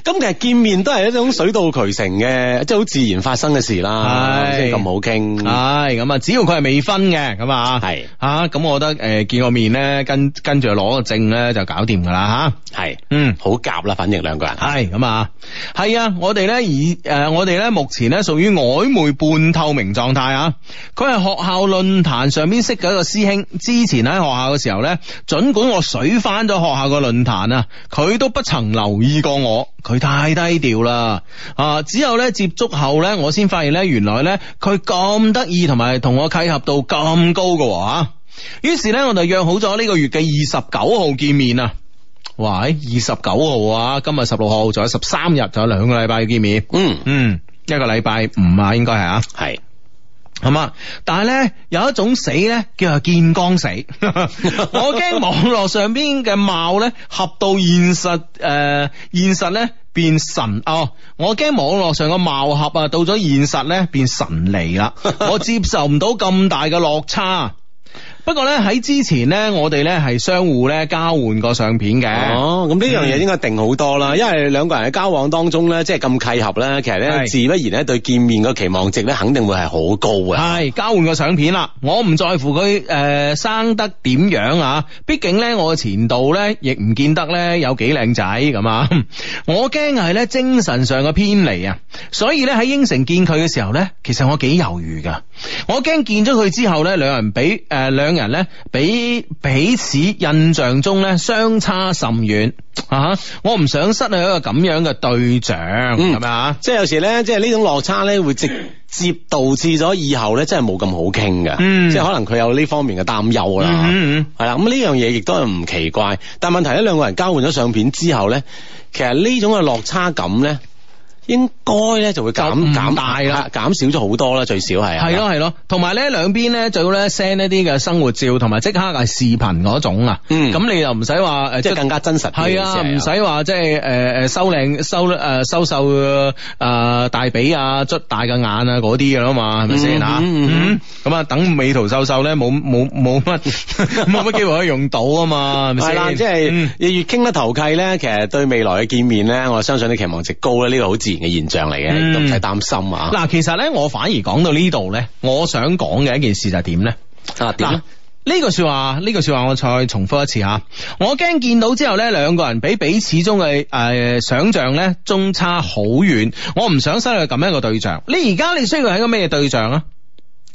其實見面都係一種水到渠成嘅，即係好自然發生嘅事啦。係咁是好傾。係咁啊，只要佢係未婚嘅咁啊。係啊是，咁我覺得誒，見過面見個面咧，跟跟住攞個證咧就搞掂噶啦吓。係是嗯，好夾啦，反正兩個人係咁啊，係啊。我哋咧以誒、呃，我哋咧目前咧屬於曖昧半透明狀態啊。佢係學。學校論壇上面識嘅一個師兄，之前喺學校嘅時候呢，儘管我水翻咗學校個論壇啊，佢都不曾留意過我，佢太低調啦。啊，只有呢接觸後呢，我先發現呢，原來呢，佢咁得意，同埋同我契合度咁高㗎喎。吓，於是呢，我就約好咗呢個月嘅二十九號見面啊。喂，二十九號啊，今日十六號，仲有十三日，仲有兩個禮拜要見面。嗯嗯，一個禮拜五啊，應該係啊，係。係嘛？但係咧有一種死咧，叫做「見光死」。 我驚網絡上邊嘅貌咧合到現實，誒、呃，現實咧變神哦。我驚網絡上個貌合啊，到咗現實咧變神離啦。 我接受唔到咁大嘅落差。不過咧喺之前咧，我哋咧係相互咧交換過相片嘅。哦，咁呢樣嘢應該定好多啦，是因為兩個人喺交往當中咧，即係咁契合咧，其實咧是自不然咧對見面個期望值咧肯定會係好高嘅。係交換個相片啦，我唔在乎佢誒、呃、生得點樣啊，畢竟咧我前度咧亦唔見得咧有幾靚仔咁啊， 我驚係咧精神上嘅偏離啊，所以咧喺應承見佢嘅時候咧，其實我幾猶豫噶，我驚見咗佢之後咧兩人俾誒、呃、兩。人咧，比彼此印象中咧相差甚遠啊！我唔想失去一個咁樣嘅對象，係咪啊？即係有時咧，即係呢種落差咧，會直接導致咗以後咧，真係冇咁好傾嘅，嗯、即係可能佢有呢方面嘅擔憂啦。嗯，嗯嗯，係啦。咁呢樣嘢亦都係唔奇怪。但問題咧，兩個人交換咗相片之後咧，其實呢種嘅落差感咧。應該咧就會減減大啦，減少咗好多啦，最少係係咯係咯。同埋咧，兩邊咧最好咧 send 一啲嘅生活照，同埋即刻嘅視頻嗰種啊，嗯，咁你就唔使話誒，即係更加真實，係啊，唔使話即係誒誒收靚收誒收瘦誒大髀啊，捽大嘅眼啊嗰啲噶啦嘛，係咪先吓？咁啊等美圖秀秀咧冇冇冇乜冇乜機會可以用到啊嘛，係咪先？係啦，即係你越傾得投契咧，其實對未來嘅見面咧，我係相信你期望值高啦，呢個好自然。嘅現象嚟嘅，唔使擔心啊！嗱，其實咧，我反而講到呢度咧，我想講嘅一件事就係點咧？嗱、啊，呢個説話，呢個説話，我再重複一次嚇。我驚見到之後咧，兩個人比彼此中嘅誒想象咧，中差好遠。我唔想失去咁樣一個對象。你而家你需要係一個咩對象啊？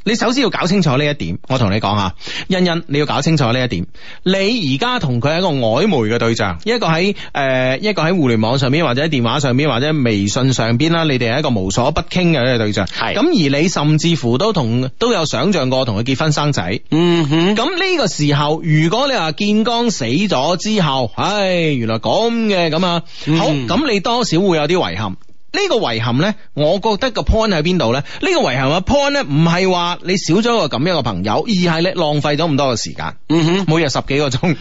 你首先要搞清楚呢一點，我同你講啊，欣欣你要搞清楚呢一點。你而家同佢係一個曖昧嘅對象，一個喺誒、呃、一個喺互聯網上邊或者喺電話上邊或者微信上邊啦，你哋係一個無所不傾嘅一個對象。係咁是而你甚至乎都同都有想象過同佢結婚生仔。嗯哼。咁呢個時候如果你話建剛死咗之後，唉，原來咁嘅咁啊，嗯、好咁你多少會有啲遺憾。呢個遺憾咧，我覺得 point、個 point 喺邊度咧？呢個遺憾嘅 point 咧，唔係話你少咗個咁樣嘅朋友，而係你浪費咗咁多嘅時間。嗯、哼，每日十幾個鐘，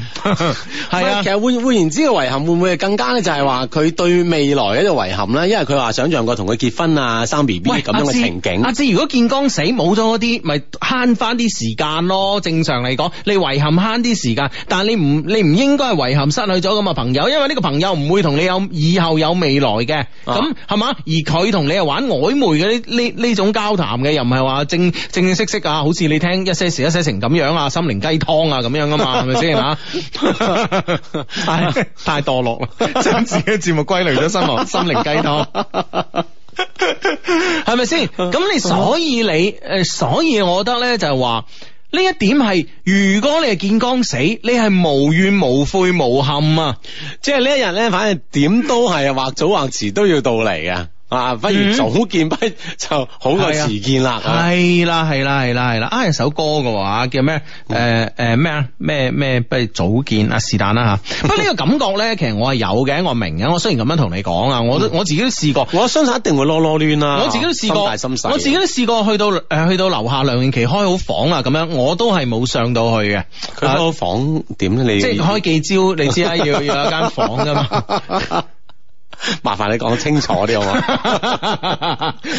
係 啊。其實換、換言之嘅遺憾，會唔會更加咧？就係話佢對未來一個遺憾咧？因為佢話想象過同佢結婚啊、生 B B 咁樣嘅情景。阿志，如果見光死冇咗嗰啲，咪慳翻啲時間咯。正常嚟講，你遺憾慳啲時間，但係你唔你唔應該係遺憾失去咗咁嘅朋友，因為呢個朋友唔會同你有以後有未來嘅。咁。而佢同你係玩曖昧嘅啲呢呢種交談嘅，又唔係話正正正式式啊，好似你聽一些事一些情咁樣啊，心靈雞湯啊咁樣噶嘛，係咪先啊？太墮落啦，將自己節目歸類咗心心靈雞湯，係咪先？咁 你所以你誒，所以我覺得咧就係、是、話。呢一點係，如果你係見光死，你係無怨無悔無憾啊！即係呢一日咧，反正點都係啊，或早或遲都要到嚟噶。啊，不如早見，不、嗯、 就好過遲見啦。係啦、 啊，係啦、啊，係啦、啊，係啦、啊啊啊啊啊啊。啊，首歌嘅話叫咩？誒誒咩啊？咩咩不如早見啊？是但啦吓。不過呢個感覺咧， 其實我係有嘅，我明嘅。我雖然咁樣同你講啊，我都我自己都試過，我相信一定會囉囉攣啦。我自己都試過，心大心細 我,我自己都試過,過去到誒，去到樓下梁詠琪開好房啊，咁樣我都係冇上到去嘅。佢個房點咧？你 即係開記招？你知啦，要要有一間房噶嘛。 麻煩你講清楚啲好嘛？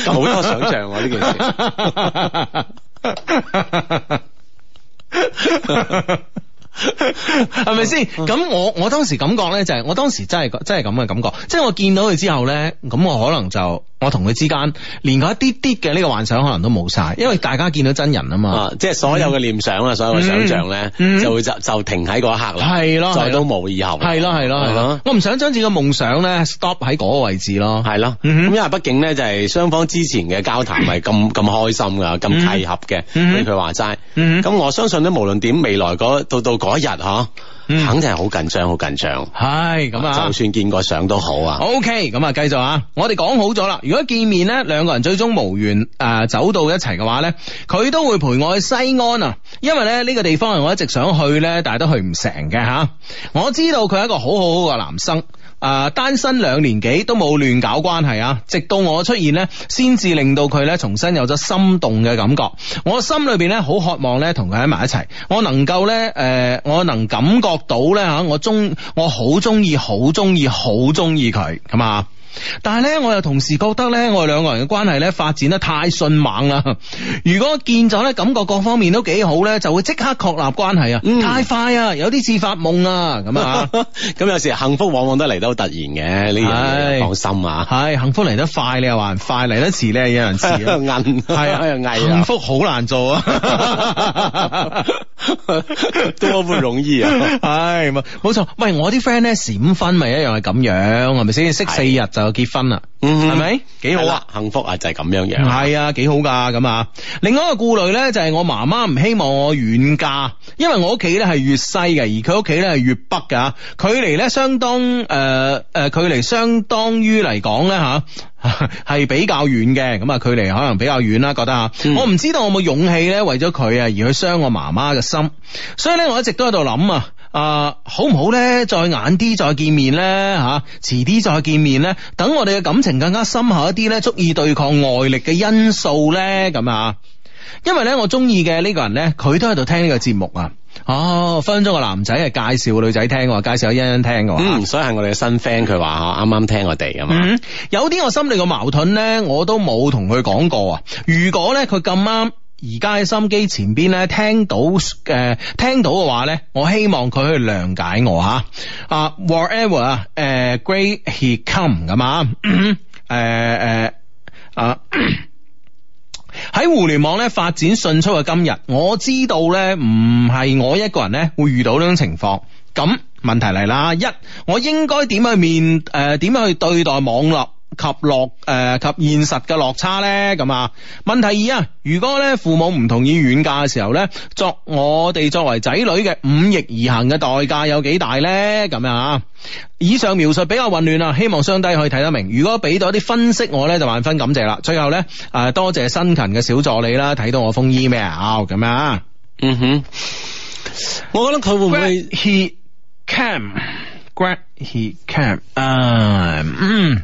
好 多想象呢件事，係咪先？咁我我當時感覺咧就係，我當時真係真係咁嘅感覺，即係我見到佢之後咧，咁我可能就。我同佢之間連嗰一啲啲嘅呢個幻想可能都冇晒，因為大家見到真人啊嘛，即係所有嘅念想啊，所有嘅想象咧就會就就停喺嗰一刻啦，係咯，再都冇以後，係咯係咯係咯，我唔想將自己嘅夢想咧 stop 喺嗰個位置咯，係咯，咁因為畢竟咧就係雙方之前嘅交談係咁咁開心噶，咁契合嘅，俾佢話齋，咁我相信咧無論點未來到到嗰一日嗬。嗯、肯定係好緊張，好緊張。係咁，啊、就算見過相都好 okay，啊。O K，咁啊，繼續啊。我哋講好咗啦。如果見面咧，兩個人最終無緣啊、呃、走到一齊嘅話咧，佢都會陪我去西安啊。因為咧呢、呢個地方係我一直想去咧，但係都去唔成嘅吓、啊。我知道佢係一個好好好嘅男生。誒、呃，單身兩年幾都冇亂搞關係啊，直到我出現呢，先至令到佢呢重新有咗心動嘅感覺。我心裏邊呢，好渴望呢，同佢喺埋一齊，我能夠呢，誒、呃，我能感覺到呢。吓、啊，我中我好中意，好中意，好中意佢，咁啊。但係咧，我又同時覺得咧，我哋兩個人嘅關係咧，發展得太迅猛啦。如果見咗咧，感覺各方面都幾好咧，就會即刻確立關係啊，太快啊，有啲似發夢啊咁啊。咁有時幸福往往都嚟得好突然嘅，呢樣嘢，放心啊。係幸福嚟得快，你又話快嚟得遲，你又有人遲。銀係又偽幸福好難做啊，多不容易啊。係嘛，冇錯。喂，我啲 friend 咧閃婚咪一樣係咁樣，係咪先識四日就？又結婚啦，嗯哼，係咪幾好啊？啦幸福啊，就係、是、咁樣樣、啊，係啊，幾好噶。咁啊，另外一個顧慮咧就係、是、我媽媽唔希望我遠嫁，因為我屋企咧係粵西嘅，而佢屋企咧係粵北嘅，距離咧相當誒誒、呃，距離相當於嚟講咧吓係比較遠嘅，咁啊距離可能比較遠啦，覺得啊，嗯、我唔知道我冇勇氣咧為咗佢啊而去傷我媽媽嘅心，所以咧我一直都喺度諗啊。啊，uh, 好唔好咧？再眼啲，再見面咧吓，遲、啊、啲再見面咧，等我哋嘅感情更加深厚一啲咧，足以對抗外力嘅因素咧咁啊！因為咧，我中意嘅呢個人咧，佢都喺度聽呢個節目啊。哦、啊，分咗個男仔係介紹個女仔聽，介紹一項一項聽話介紹欣欣聽噶。嗯，所以係我哋嘅新 friend，佢話啱啱聽我哋啊嘛。嗯、有啲我心裏嘅矛盾咧，我都冇同佢講過啊。如果咧，佢咁啱。而家喺心機前邊咧，聽到嘅、呃、聽到嘅話咧，我希望佢去諒解我吓。啊，whatever 啊，誒、呃、great he come 噶嘛？誒誒啊！喺、啊啊啊、互聯網咧發展迅速嘅今日，我知道咧唔係我一個人咧會遇到呢種情況。咁問題嚟啦，一我應該點去面誒？點、呃、去對待網絡？及落誒、呃、及現實嘅落差咧，咁啊問題二啊，如果咧父母唔同意遠嫁嘅時候咧，作我哋作為仔女嘅，忤逆而行嘅代價有幾大咧？咁樣啊？以上描述比較混亂啊，希望雙低可以睇得明。如果俾到一啲分析，我咧就萬分感謝啦。最後咧誒、呃，多謝辛勤嘅小助理啦，睇到我封 email 咁樣啊。嗯哼，我覺得佢會唔會 Grant, he can，but he can，嗯。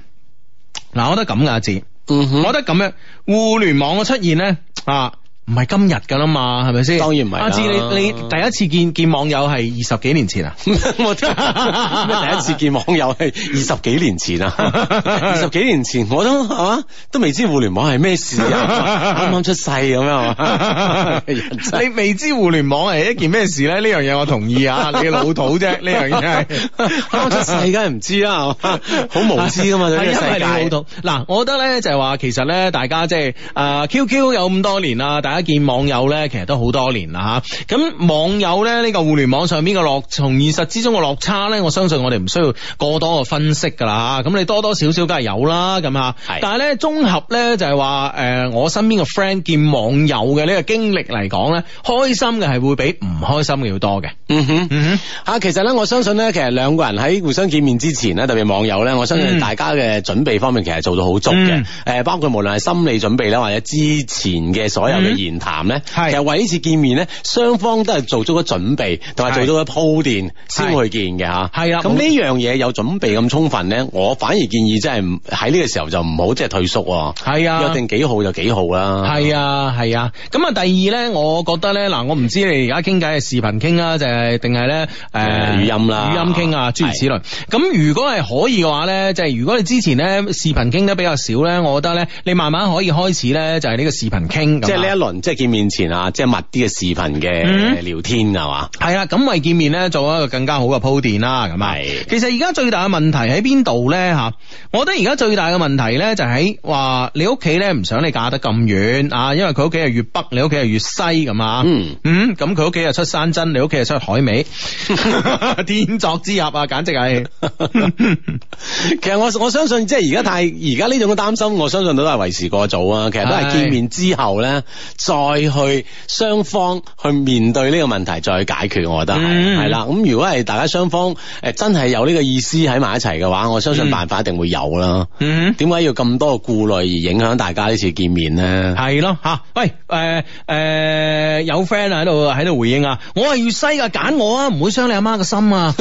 嗱，我覺得咁嘅字，嗯哼，我覺得咁樣，互聯網嘅出現咧啊。唔係今日㗎啦嘛，係咪先？當然唔係。阿志、啊，你你第一次見見網友係二， 二十幾年前啊？我第一次見網友係二十幾年前我啊！二十幾年前我都嚇都未知互聯網係咩事啊！啱啱 出世咁樣你未知互聯網係一件咩事咧？呢樣嘢我同意啊！你老土啫，呢樣嘢啱啱出世梗係唔知啦，好無知㗎嘛！你老土。嗱，我覺得咧就係話其實咧、呃，大家即係誒 QQ 有咁多年啦，大家。見網友呢，其實都好多年啦咁，啊、網友呢，呢個互聯網上邊嘅落，從現實之中嘅落差呢，我相信我哋唔需要過多嘅分析噶啦，咁你多多少少梗係有啦。咁啊，是但係呢綜合呢，合就係話，誒、呃，我身邊嘅 friend 見網友嘅呢個經歷嚟講呢，開心嘅係會比唔開心嘅要多嘅。嗯哼，嗯哼、啊、其實呢，我相信呢，其實兩個人喺互相見面之前呢，特別網友呢，我相信大家嘅準備方面其實做到好足嘅。誒、嗯，包括無論係心理準備呢，或者之前嘅所有嘅、嗯。言談咧，其實為呢次見面咧，雙方都係做足咗準備，同埋做到個鋪墊先的去見嘅嚇。係啦的，咁呢樣嘢有準備咁充分咧，我反而建議即係喺呢個時候就唔好即係退縮。係啊的，約定幾號就幾號啦。係啊，係啊。咁啊，第二咧，我覺得咧，嗱，我唔知你而家傾偈係視頻傾啊，定係定係咧誒語音啦，語音傾啊，諸如此類。咁的如果係可以嘅話咧，即係如果你之前咧視頻傾得比較少咧，我覺得咧你慢慢可以開始咧，就係呢個視頻傾。即係呢一輪。即係見面前啊，即係密啲嘅視頻嘅聊天係嘛？係啦、嗯，咁吧為見面咧做一個更加好嘅鋪墊啦。咁啊，其實而家最大嘅問題喺邊度咧吓？我覺得而家最大嘅問題咧就喺話你屋企咧唔想你嫁得咁遠啊，因為佢屋企係粵北，你屋企係粵西咁啊。嗯，咁佢屋企又出山珍，你屋企係出海味， 天作之合啊，簡直係。 其實我我相信，即係而家太而家呢種嘅擔心，我相信都係為時過早啊。其實都係見面之後咧。的 再去雙方去面對呢個問題，再去解決，我覺得係係啦。咁、嗯、如果係大家雙方誒真係有呢個意思喺埋一齊嘅話，我相信辦法一定會有啦。嗯，點解要咁多顧慮而影響大家呢次見面呢？係咯吓，喂誒誒、呃呃，有 friend 喺度喺度回應啊，我係粵西噶，揀我啊，唔會傷你阿媽嘅心啊！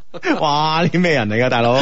哇！啲咩人嚟噶，大佬？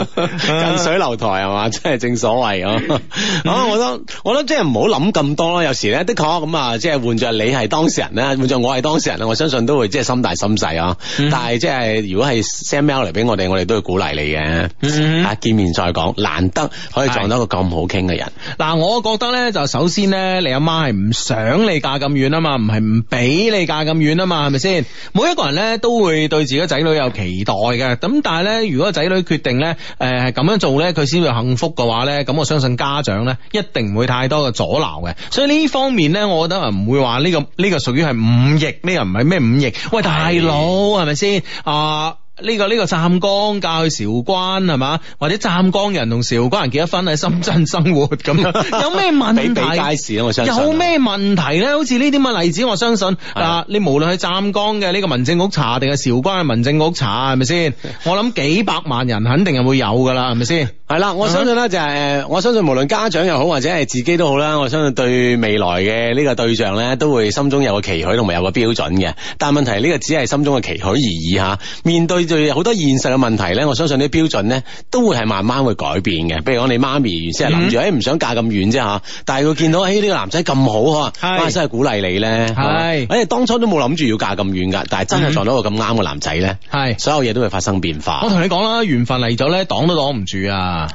近水樓台係嘛，真係 正所謂謂啊。啊， 我諗我諗，即係唔好諗咁多咯。有時咧，的確咁啊，即係換着你係當事人咧，換着我係當事人咧，我相信都會即係心大心細啊。但係即係如果係 send mail 嚟俾我哋，我哋都會鼓勵你嘅。啊、嗯嗯，見面再講，難得可以撞到一個咁好傾嘅人。嗱是，我覺得咧，就首先咧，你阿媽係唔想你嫁咁遠啊嘛，唔係唔俾你嫁咁遠啊嘛，係咪先？每一個人咧，都會對自己嘅仔女有期待嘅。咁但係咧，如果仔女決定咧，誒係咁樣做咧，佢先會幸福嘅話咧，咁我相信家長咧一定唔會太多嘅阻撓嘅，所以呢方面咧，我覺得唔會話呢、呢個呢、呢個屬於係忤逆呢啊，唔係咩忤逆，喂，大佬係咪先啊？是是呢、 呢個呢、呢個湛、uh. 江嫁去韶關係嘛？或者湛江人同韶關人結咗婚喺深圳生活咁樣，有咩問題？ 比比皆是咯，我相信。有咩問題咧？好似呢啲咁嘅例子，我相信嗱，你無論去湛江嘅呢個民政局查，定係韶關嘅民政局查，係咪先？ 我諗幾百萬人肯定係會有㗎啦，係咪先？係啦、嗯， 我相信咧就係、是就是，我相信無論家長又好，或者係自己都好啦，我相信對未來嘅呢個對象咧，都會心中有個期許同埋有個標準嘅。但係問題呢、呢個只係心中嘅期許而已嚇，面對。好多現實嘅問題咧，我相信啲標準咧都會係慢慢會改變嘅。譬如講，你媽咪原先係諗住，哎唔、mm hmm. 欸、想嫁咁遠啫嚇，但係佢見到，哎呢、mm hmm. 欸呢個男仔咁好呵，媽、啊 mm hmm. 真係鼓勵你咧。係，哎、mm hmm. 當初都冇諗住要嫁咁遠噶，但係真係撞到個咁啱嘅男仔咧。係、mm，hmm. 所有嘢都會發生變化。Mm hmm. 我同你講啦，緣分嚟咗咧，擋都擋唔住、mm hmm. 係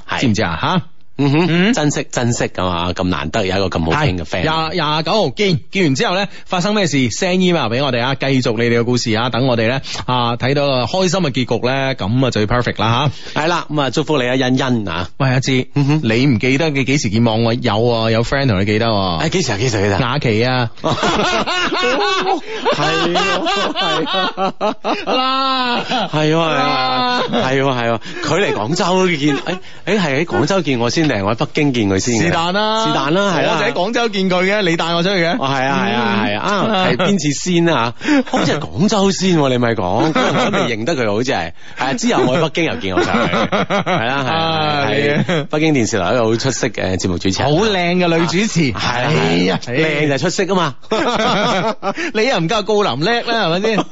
啊！知唔知啊？嚇？嗯哼，珍惜珍惜，係嘛？咁難得有一個咁好傾嘅 friend。廿廿九號見，見完之後咧，發生咩事？send email 俾我哋啊，繼續你哋嘅故事啊，等我哋咧啊，睇到個開心嘅結局咧，咁啊最 perfect 啦吓。係啦，咁啊祝福你啊欣欣啊，喂阿志，你唔記得嘅幾時望我？有啊有 friend 同你記得？誒，幾時啊？幾時啊？雅琪啊？係係啦，係係係係，佢嚟廣州見，誒誒係喺廣州見我先。我喺北京見佢先，是但啦，是但啦，係我就喺廣州見佢嘅，你帶我出去嘅，係啊，係啊，係啊，係邊次先啊？好似係廣州先，你咪講，我未認得佢，好似係，係啊，之後我喺北京又見過晒。係啊，係，係，北京電視台一個好出色嘅節目主持，好靚嘅女主持，係啊，靚就出色啊嘛，你又唔夠高林叻啦，係咪先？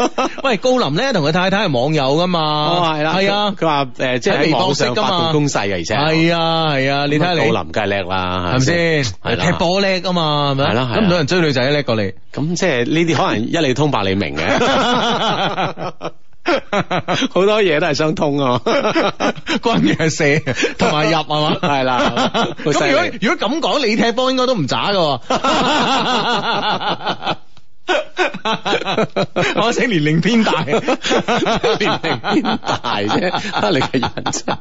喂，高林叻同佢太太係網友噶嘛？哦，係啦，係啊，佢話誒，即係喺微博上發動攻勢嘅，而且係啊，係啊。你睇阿高林梗係叻啦，係咪先？踢波叻啊嘛，係咪的？係啦，係。搵唔到人追女仔叻過你。咁即係呢啲可能一理通百理明嘅，好 多嘢都係相通啊，關鍵 係射同埋入啊嘛，係啦。咁 如果如果咁講，你踢波應該都唔渣噶。我成年齡偏大，年 齡偏大啫，你嘅人渣。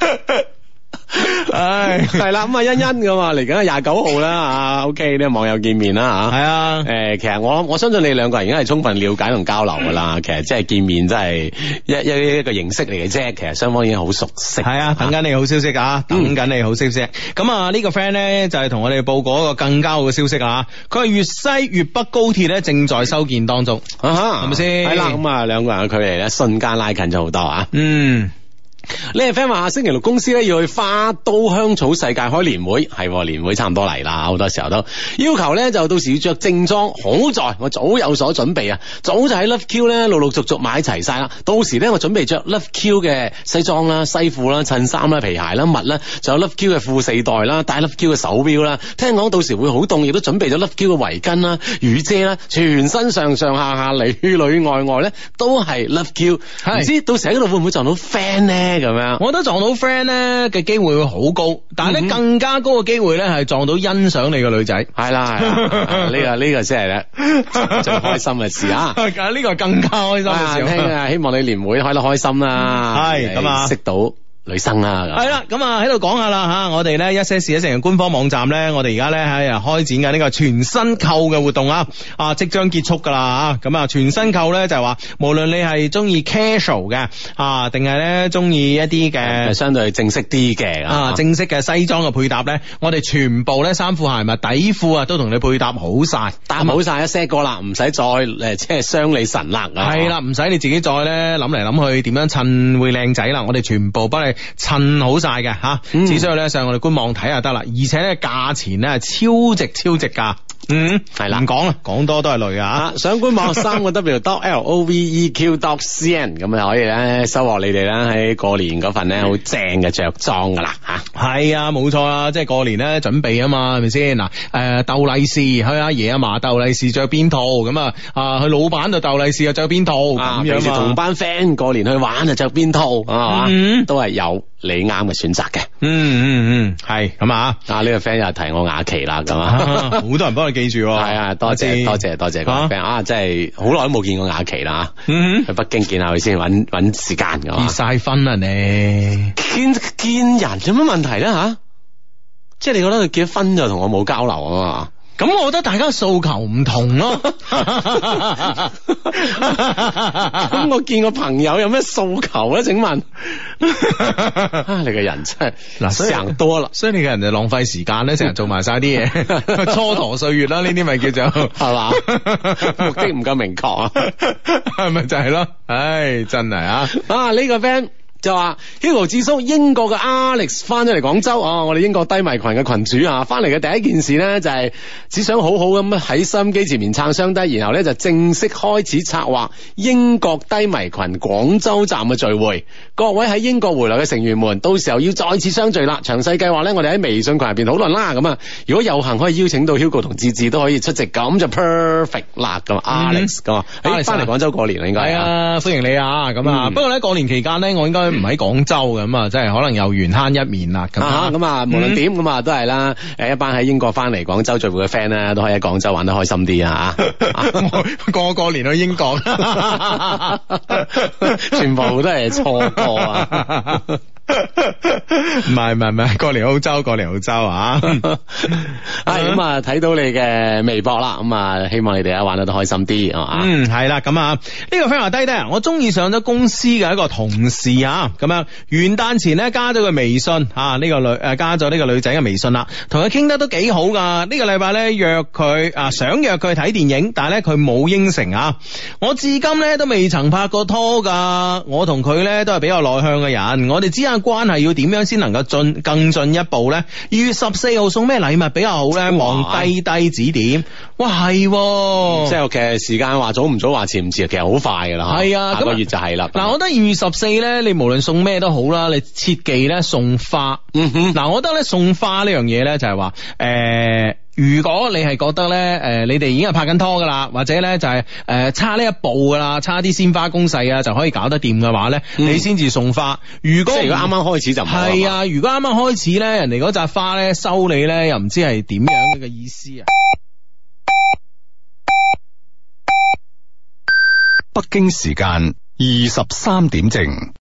唉，係啦，咁 啊欣欣噶嘛，嚟緊廿九號啦，吓，OK，呢個網友見面啦，吓，係啊，誒，其實我我相信你哋兩個人已經係充分了解同交流噶啦，其實即係見面真係一一一個形式嚟嘅啫，其實雙方已經好熟悉。係啊，等緊你好消息啊，等緊你好消息。咁、嗯、啊,、嗯啊這個、呢個 friend 咧就係、是、同我哋報告一個更加好嘅消息啊，佢係粵西粵北高鐵咧正在修建當中，嗯、啊係咪先？係、啊、啦，咁啊兩個人嘅距離咧瞬間拉近咗好多啊。嗯。嗯呢個 friend 話星期六公司咧要去花都香草世界開年會，係年會差唔多嚟啦，好多時候都要求咧就到時要着正裝。好在我早有所準備啊，早就喺 Love Q 咧陸陸續續買齊晒啦。到時咧我準備着 Love Q 嘅西裝啦、西褲啦、襯衫啦、皮鞋啦、襪啦，仲有 Love Q 嘅褲四袋啦、戴 Love Q 嘅手錶啦。聽講到時會好凍，亦都準備咗 Love Q 嘅圍巾啦、雨遮啦，全身上上下下裏裏外外咧都係 Love Q 是。唔知到時喺度會唔會撞到 friend 咧？咁樣，我覺得撞到 friend 咧嘅機會會好高，但係咧更加高嘅機會咧係撞到欣賞你嘅女仔。係啦、嗯，呢個呢個先係咧最開心嘅事啊！咁呢個更加開心嘅事啊。希望你年會開得開心啦，係咁啊，識到。女生啦、啊，係啦，咁啊喺度講下啦吓，我哋呢一些事一些情官方網站呢，我哋而家呢喺啊開展緊呢、這個全新購嘅活動啊，啊即將結束噶啦啊，咁啊全新購呢就係話無論你係中意 casual 嘅啊，定係呢中意一啲嘅相對正式啲嘅啊，正式嘅西裝嘅配搭呢，我哋全部呢衫褲鞋襪底褲啊都同你配搭好晒，搭好晒一些個啦，唔使再嚟即係傷你神啦，係啦了，唔使、啊、你自己再呢諗嚟諗去點樣襯會靚仔啦，我哋全部幫你。襯好晒嘅吓，只需要咧上我哋官網睇就得啦。而且咧價錢咧超值超值噶，嗯，係啦，唔講啦，講多都係累噶。上官網三個 w dot l o v e q dot c n 咁就可以咧收穫你哋啦喺過年嗰份咧好正嘅着裝噶啦吓。係、呃呃、啊，冇錯啊，即係過年咧準備啊嘛，係咪先嗱？誒，斗利是去阿爺阿嫲斗利是着邊套咁啊？阿去老闆度斗利是又着邊套？咁樣同班 friend 過年去玩啊着邊套啊？都係有。有你啱嘅選擇嘅、嗯，嗯嗯嗯，係咁啊！啊呢、這個 friend 又提我雅琪啦，咁啊，好多人幫佢記住、啊，係 啊，多謝、啊、多謝多謝，多謝個 friend 啊，真係好耐冇見過雅琪啦，嗯，去北京見下佢先，揾揾時間咁、嗯、啊，結晒婚啊你見見人有乜問題咧吓、啊？即係你覺得佢結咗婚就同我冇交流啊嘛？咁我覺得大家訴求唔同咯。咁我見個朋友有咩訴求咧？請問？ 啊，你個人真係嗱，成多啦，所以你個人就浪費時間咧，成日做埋晒啲嘢，蹉跎歲月啦、啊，呢啲咪叫做係嘛？ 目的唔夠明確啊、， 係咪、啊，咪就係咯。唉、哎，真係啊。啊，呢、呢個 friend。就話 Hugo 智叔，英國嘅 Alex 翻咗嚟廣州哦，我哋英國低迷羣嘅群主啊，翻嚟嘅第一件事呢，就係只想好好咁喺收音機前面撐雙低，然後呢就正式開始策劃英國低迷羣廣州站嘅聚會。各位喺英國回來嘅成員們，到時候要再次相聚啦。詳細計劃呢，我哋喺微信羣入邊討論啦。咁啊，如果有幸可以邀請到 Hugo 同志志都可以出席，咁就 perfect 啦。咁 Alex 咁啊，誒、哎，翻嚟廣州過年啦，應該係啊，歡迎你啊。咁啊，嗯、不過呢過年期間呢，我應該。唔喺廣州咁啊，即係可能又緣慳一面啦咁。咁啊，啊無論點咁啊，嗯、都係啦。誒，一班喺英國翻嚟廣州聚會嘅 friend 咧，都可以喺廣州玩得開心啲啊！過過年去英國， 全部都係錯過啊！ 唔係唔係唔係，過嚟澳洲，過嚟澳洲啊！係咁啊，睇到你嘅微博啦，咁啊，希望你哋啊玩得都開心啲啊！嗯，係啦，咁啊，呢個廢話低低，啊，嗯這個，我中意上咗公司嘅一個同事啊，咁樣元旦前咧加咗個微信啊，呢、這個女誒、啊、加咗呢個女仔嘅微信啦，同佢傾得都幾好噶。呢、這個禮拜咧約佢啊，想約佢睇電影，但係咧佢冇應承啊。我至今咧都未曾拍過拖噶，我同佢咧都係比較內向嘅人，我哋只係。關係要點樣先能夠進更進一步咧？二月十四號送咩禮物比較好咧？望哇低低指點。哇，係、啊，即係、嗯就是、其實時間話早唔早，話遲唔遲，其實好快噶啦。係啊，下個月就係啦。嗱，我覺得二月十四咧，你無論送咩都好啦，你切忌咧送花。嗯哼，嗱，我覺得咧送花呢樣嘢咧就係話，誒、欸。如果你係覺得呢，誒、呃，你哋已經係拍緊拖噶啦，或者呢就係、是、誒、呃、差呢一步噶啦，差啲鮮花攻勢啊就可以搞得掂嘅話呢，嗯、你先至送花。如果啱啱果、嗯、開始就唔係啊，如果啱啱開始呢，人哋嗰紮花呢收你呢，又唔知係點樣嘅意思啊。北京時間二十三點正。